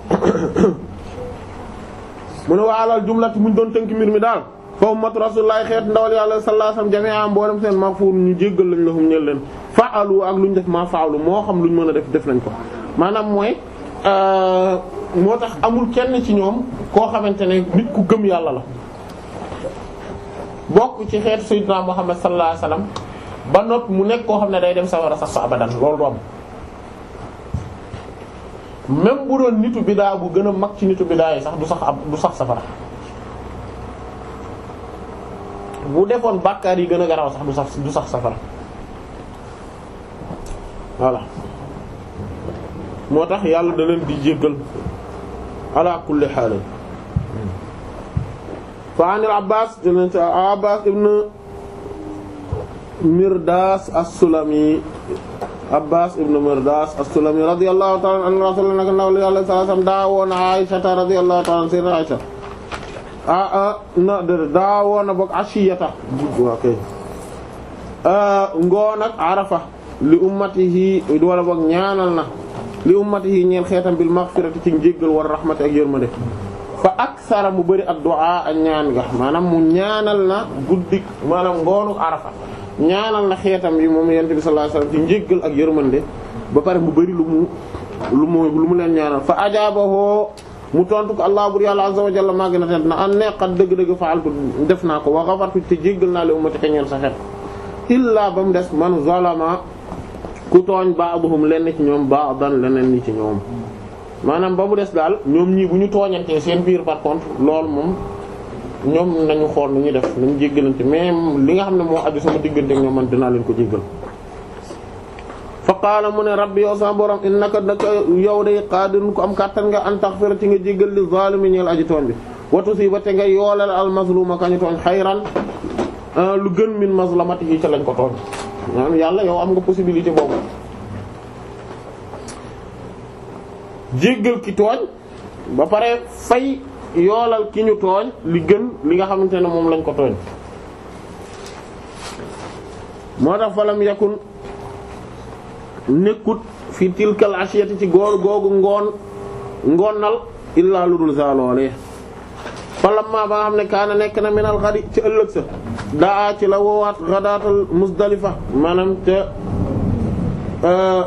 *coughs* mu ne waa alal jumlati muñ doon tënk mbir mi daal fa ummatu rasulillahi xeet ndawal yàlla sallallahu alayhi wasallam jami'a mboolem seen maghfur ñu jéggal lañ la hum ñel leen fa'alu ak lu ñu def ma fa'alu moo xam lu ñu mën a def def nañ ko maanaam mooy Euh, moo tax amul kenn ci ñoom koo xamante ne nit ku gëm yàlla la bokk ci xeetu sayyidina Muhammad sallallahu alayhi wasallam ba nopp mu nekk koo xam ne day dem sawara sax sa abadan loolu du am même bu doon nitu bidaa bu gën a mag ci nitu bidaa yi sax du sax ab sax safara bu defoon bàkkaar yi gën a garaw sax du sax du sax safara voilà moo tax yàlla da leen di jéggal ala kulli xaal fa anil abbas jëleen ci sulami abbas ibn mirdas as-sulami radiyallahu ta'ala anhu rasul nag ndaw li yàlla sallallahu alayhi wasallam daa woon aysata radiyallahu ta'ala sayyida aysa na d daa woon a ashiyata waa arafa li ummatihi wala bokk ñaanal na li ummatihi ñeen xeetam bil maghfirati ci njéggal war rahmati ak yërmande fa aksara mu bari ak du'a ak ñaan ga maanaam mu ñaanal na guddik maanaam ngoonu arafa ñaanal na xeetam yi moom yent bi sallallahu alayhi wasallam ci njéggal ak yërmande ba pare mu bëri lu mu lu mu lu mu leen ñaanal fa ajaabahu mu tontu ko allah bur yàlla azza wa jalla maa gën a na am neqat dëgg-dëgg faaltu def naa ko wa ghafartu te jéggal naa li ummati ka ñeen sa xeet illa ba mu des man zalama ku tooñ ba'dhum lenn ci ñoom ba'dan leneen ni ci ñoom maanaam ba mu des daal ñoom ñii bu ñu tooñantee seen biir par contre loolu moom ñoom nañu xool nu ñu def nañu jéggalante mais li nga xam ne moo aju sama diggante ñoom man dinaa leen ko jéggal fa qaala mu ne rabbi yow sama borom innaka naka yow day qaadirun ko am kàttan nga an taghfira ci nga jéggal li zalimi ñeel aji tooñ bi watu si ba te nga yoolal al mazluma kañu tooñ xayran lu gën min mazlamati yi ca lañ ko tooñ maanaam yàlla yow am nga possibilité boobu jéggal ki tooñ ba pare fay yoolal ki ñu tooñ li gën li nga xamante ne moom lañ ko tooñ moo tax falam yakun nekkut fi tilkal asiyati ci góor googu ngoon ngoonal illaa lu dul saa loolee falamma ba nga xam ne kaana nekk na minal xadi ci ëllëg sa daa ci la woowaat xadaatal musdalifa maanaam te euh,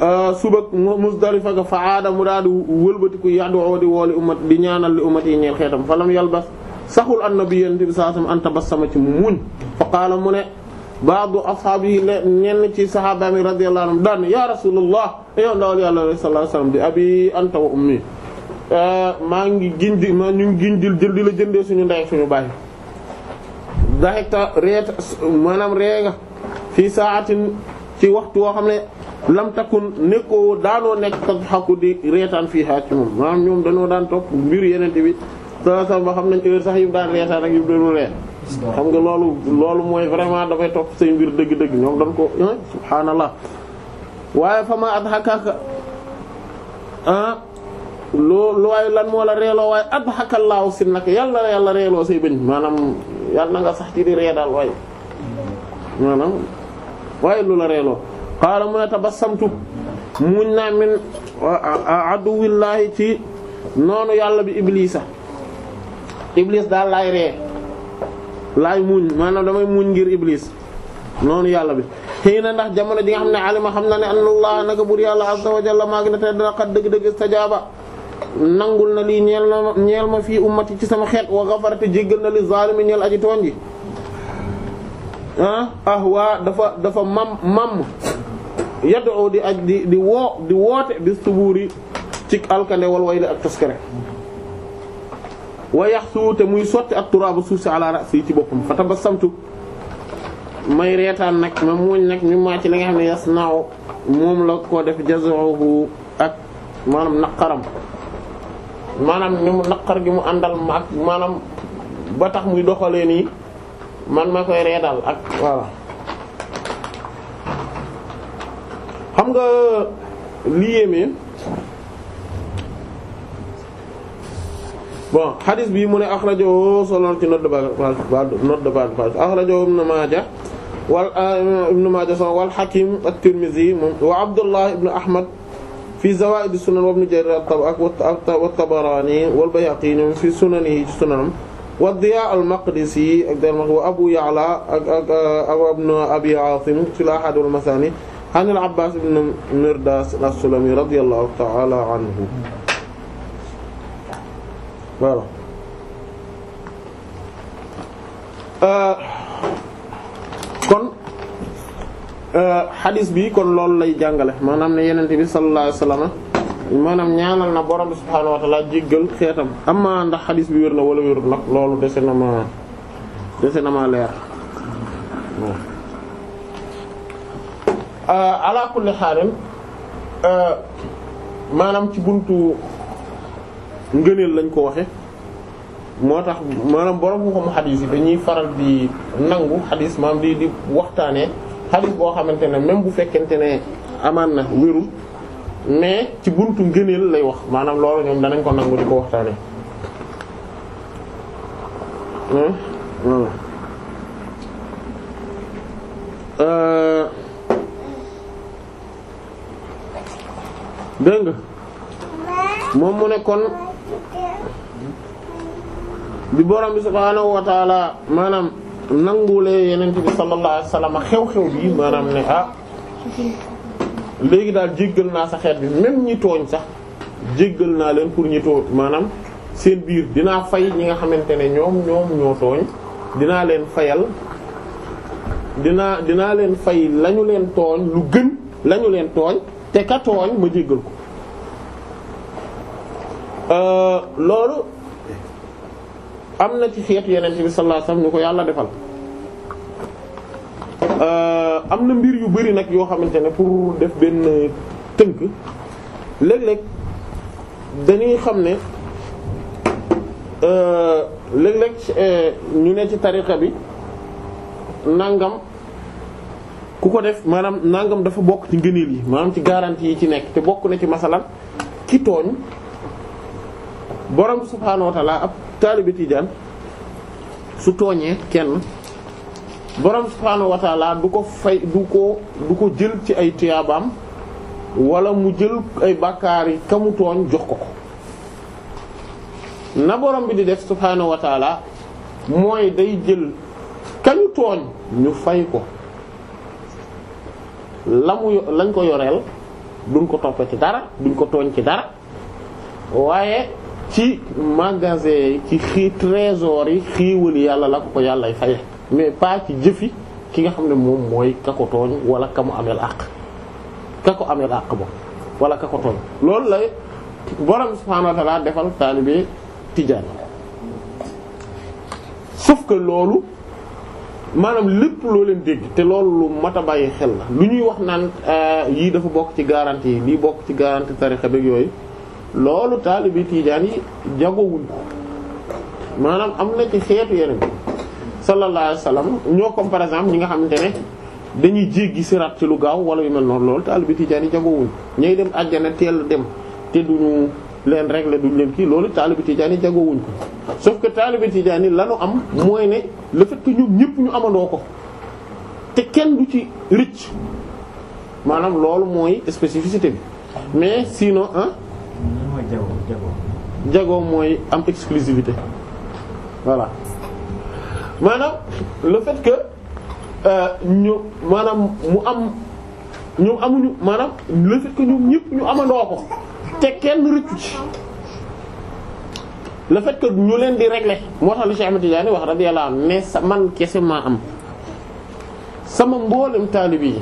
euh, subag musdalifa ga fa aada mu daal di wëlbatiku yàddu oo di wooli ummat di ñaanal li ummat yi ñeel xeetam falam yalbas saxul annabi yonent bi sallallahu alayhi wasallam an tabassama ci mu muñ fa qaala mu ne ba'du ashaabihi le ñenn ci saxaabaami radiyallahu anhum daan ya rasulullah yow ndawal yàlla sallallahu alayhi bi abi anta wa ummi Euh, maa ngi giñ di ma ñu ngi giñ di jël di la jëndee suñu ndey ak suñu baay daxekta reeta maanaam reega fii saatin ci waxtu woo xam ne lam takkun nekkoo daanoo nekk tadhaku di reetaan fii haa ci moom maanaam ñoom dañoo daan topp mbir yeneen bi sa sa ba xam nañ heure sax yim daan reetaan ak yim doonu ree xam nga loolu loolu mooy vraiment dafay topp say mbir dëgg-dëgg ñoom dañ ko eh, subhaanallah waaye fa ma adhakaka ah, loo loo waaye lan moo la reeloo waaye adhakallaahu sin nag yàlla yàlla reeloo say bëñ maanaam yàlla nanga nga sax ci di ree daal waaye maanaam waaye lu la reeloo qaala mu ne tabassamtu muñ naa min aduwillaahi ci noonu yàlla bi iblisa iblis daal laay ree laay muñ maanaam damay muñ ngir iblis noonu yàlla bi xëy na ndax jamono ji nga xam ne alima xam na ne annallaaha naka buur yàlla azza wa jalla maa ngi ne te dana xat dëgg-dëgg istajaaba nangul na li ñeel na ñeel ma fii ummati ci sama xeet wa ghafarta jéggal na li zalimi ñeel aji tooñ ji ah ahwa dafa dafa mam mam yad'u di di di di woote bi subuuri ci alkande wal wayli ak toskere wa yaxsu te muy sotti ak turaaba suuf si ala ra'si ci boppam fa tabassamtu may reetaan nag ma muuñ nag mi maa ci li nga xam ne yas naaw moom la ko def jazahu ak maanaam naqaram maanaam ni mu naqar gi mu àndal ma maanaam ba tax muy doxalee nii man ma koy reedal ak voilà xam nga li yéemee bon xadis bi mu ne axrajahu solo ci nodd ba nodd ba axrajahu ibn Maaja wal ibn Maaja wal Hakim at-Tirmidhi moom wa Abdullah ibn Ahmad fi zawaa'id sunan wa ibn jarir ak tabaraani wal bayhaqi ñoom fi sunanihi ci sunanam wa diyaa al maqdisi ak dal wa abu ya'la ak ak ibn abi aasim fi al ahad wal masaani an al abbaas ibn mirdaas as-sulami radiyallahu ta'ala anhu voilà euh, Euh, xadis bii kon loolu lay jàngale maanaam ne yenente bi sallallahu alayhi wasallam maanaam ñaanal na borom bi subhaanahu wa ta'ala jéggal xeetam ndax xadis bi wér na wala wérul nag loolu dese leer euh, ala euh, maanaam ci buntu ngëneel lañ ko waxe moo tax maanaam borom ko mu xadis dañuy faral di nangu xadis maanaam di di waxtaanee xadis boo xamante ne même bu fekkente ne amaan na wérul mais ci buntu ngëneel lay wax maanaam loolu ñoom danañ ko nangu di ko waxtaane hmm? Hmm. Euh, dégg moom mu ne kon bi borom bi subhaanahu wa taala maanaam nangulee yeneen bi sallallahu alayhi xew-xew bi maanaam ne ah léegi daal jéggal naa sa xeet bi même ñi tooñ sax jéggal naa leen pour ñi tooñ maanaam seen biir dinaa fay ñi nga xamante ne ñoom ñoom ñoo tooñ dinaa leen fayal dinaa dinaa leen fay lañu leen tooñ lu gën lañu leen tooñ te ka tooñ ma jéggal ko euh, loolu am na ci xeet yeneen bi sallallahu alayhi wasallam ñu ko yàlla defal euh, am na mbir yu bari nag yoo xamante ne pour def benn tënk léeg-léeg dañuy xam ne euh, léeg-léeg euh, ñu ne ci tariqa bi nangam ku ko def maanaam nangam dafa bokk ci ngëneel yi maanaam ci garantie yi ci nekk te bokk na ci masalan ki tooñ borom subhaanahu wa taala ab taalibi tijaan su tooñee kenn borom subhaanahu du ko fay du ko du ko jël ci ay tuyaabaam wala mu jël ay bàkkaar yi tooñ jox ko ko na borom bi di def subhaanahu mooy day jël kañu tooñ ñu fay ko la lañ ko yoreel duñ ko topp ci dara duñ ko tooñ ci dara waaye ci magasin yi ci xii trésor yi xiiwal yàlla la ko ko yàllay faye mais pas ci jëfi ki nga xam ne moom mooy ka ko tooñ wala ka mu ameel àq ka ko ameel àq ba wala ka ko tooñ loolu lay borom subhaanahu wa ta'ala defal taalibe tijaan sauf que loolu maanaam lépp loo leen dégg te loolu lu mat a bàyyi xel la lu ñuy wax naan euh, yii dafa bokk ci garanti yi lii bokk ci garantie tarixa beeg yooyu loolu taalibe tiijaan yi jagowuñ maanaam am na ci xeetu yeneen sallallahu alayhi wa ñoo comme par exemple ñi nga xamante ne dañuy jéggi siraat ci lu gaaw wala yu mel noonu loolu taalibe tiijaan yi jagowuñ ñay dem àjjana teel dem te duñu leen régler duñ leen kii loolu taalibe tiijaan yi jagowuñ ko sauf que taalibe tiijaan yi lanu am mooy ne le fait ñëpp ñu amandoo ko te kenn du ci ricc maanaam loolu mooy spécificité bi mais sinon ah jagoo mooy am exclusivité voilà maanaam le fait que euh, ñu maanaam mu am ñu amuñu maanaam le fait que ñoom ñëpp ñu amandoo ko te kenn rëccu ci le fait que ñu leen di régler moo tax li Cheikh Ahmed Tidiane wax radiyallahu anhu mais sa man kese maa am sama mboolem taalibe yi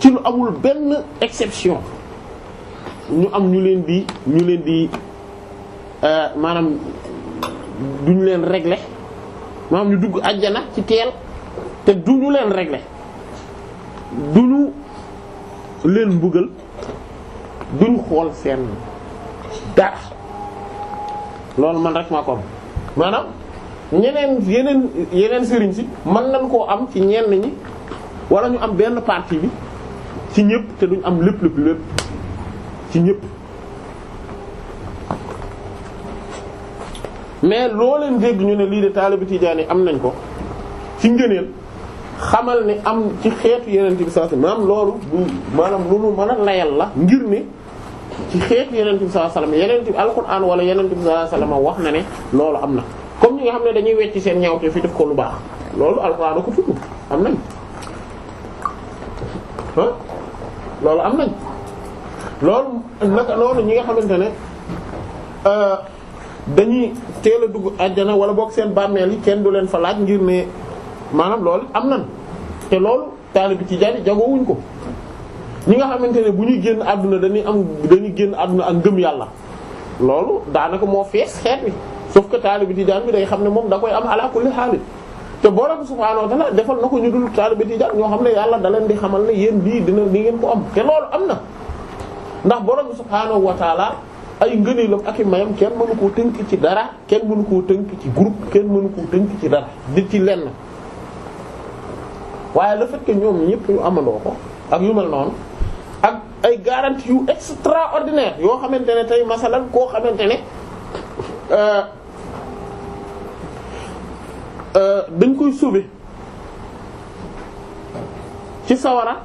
ci lu amul benn exception ñu am ñu leen di ñu leen di euh, maanaam duñu leen regle maanaam ñu dugg àjjana ci teel te duñu leen regle régler duñu leen mbugal duñ xool seen dara loolu man rek maa ko am maanaam ñeneen yeneen sëriñ si mën nañ koo am ci ñenn ñi wala ñu am benn partie bi ci ñëpp te duñ am lépp lépp lépp. ci ñëpp mais loo leen dégg ñu ne lii de taalibu tijaan yi am nañ ko ci ngëneel xamal ne am ci xeetu yeneen bi sallallahu alayhi wasallam maanaam loolu du maanaam a layal la ngir ne ci xeetu yeneen bi sallallahu alayhi yeneen bi alxuraan wala yeneen bi sallallahu alayhi wasallam wax na ne loolu am na comme ñi nga xam ne dañuy wecc seen ñaawte fi def ko lu baax loolu alxuraan ko tudd am nañ loolu am nañ loolu naka loolu ñi nga xamante ne euh, dañuy teel a dugg àjjana wala boog seen bàmmeel yi kenn du leen fa laaj ngir ne maanaam loolu am na te loolu taali bi ci jaari jagowuñ ko ñi nga xamante ne bu ñuy génn àdduna dañuy am dañuy génn àdduna ak ngëm yàlla loolu daanaka moo fees xeet wi sauf que taalibe tijaan bi day xam ne moom da koy am ala kulli xaalis te borom subhaanahu wa ta'ala defal na ko ñu dul taalibe tijaan ñoo xam ne yàlla da leen di xamal ne yéen lii dina li ngeen ko am te loolu am na ndax borom bi subhaanahu ay ngëneelam ak i mayam kenn mënu koo tënk ci dara kenn mënu koo tënk ci groupe kenn mënu koo tënk ci dara di ci lenn waaye la fekk que ñoom ñëpp ñu amandoo ko ak yu mel noonu ak ay garantie yu extraordinaire yoo xamante ne tey masalan koo xamante ne euh, euh, dañ koy sauver ci sawara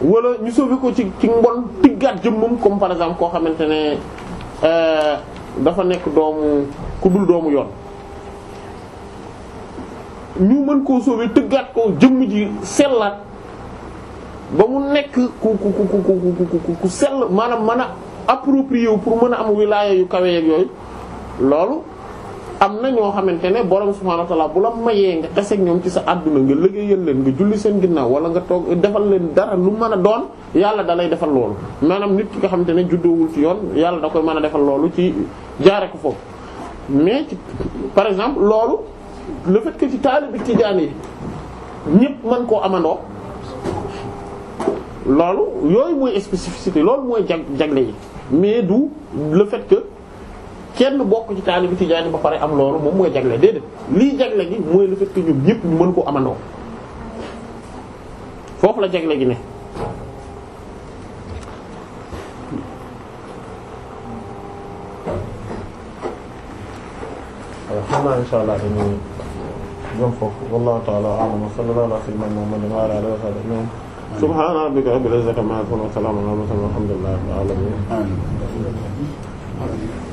wala ñu sauvé ko ci ci mbon tiggaat jëmmam comme par exemple koo xamante ne euh, dafa nekk doomu ku dul doomu yoon ñu mën koo sauvé tëggaat ko jëmm ji sellaat ba mu nekk ku ku ku ku ku sell maanaam mën a approprié pour mën a am wilaaya yu kawe yooyu loolu am na ñoo xamante ne borom subhaanahu wa ta'aala bu la mayee nga taseeg ñoom ci sa àdduna nga liggéeyal leen nga julli seen ginnaaw wala nga toog defal leen dara lu mën a doon yàlla da defal loolu maanaam nit ki nga xamante ne juddoowul ci yoon yàlla da koy mën a defal loolu ci jaare ko foofu mais par exemple loolu le fait ci taalib bi tijaan yi ñëpp mën koo amandoo loolu yooyu mooy spécificité loolu mooy jag jagle yi mais du le fait kenn bokk ci taalibu tijaani ba pare am loolu moom mooy jagle déedéet lii jagle gi mooy le fait que ñu mën ko amandoo foofu la jagle gi ne. xam naa insha Allah dañuy jëm foofu wallahu ta'ala subhana rabbika rabbil izzati amma yasifun wa salamun ala al mursalin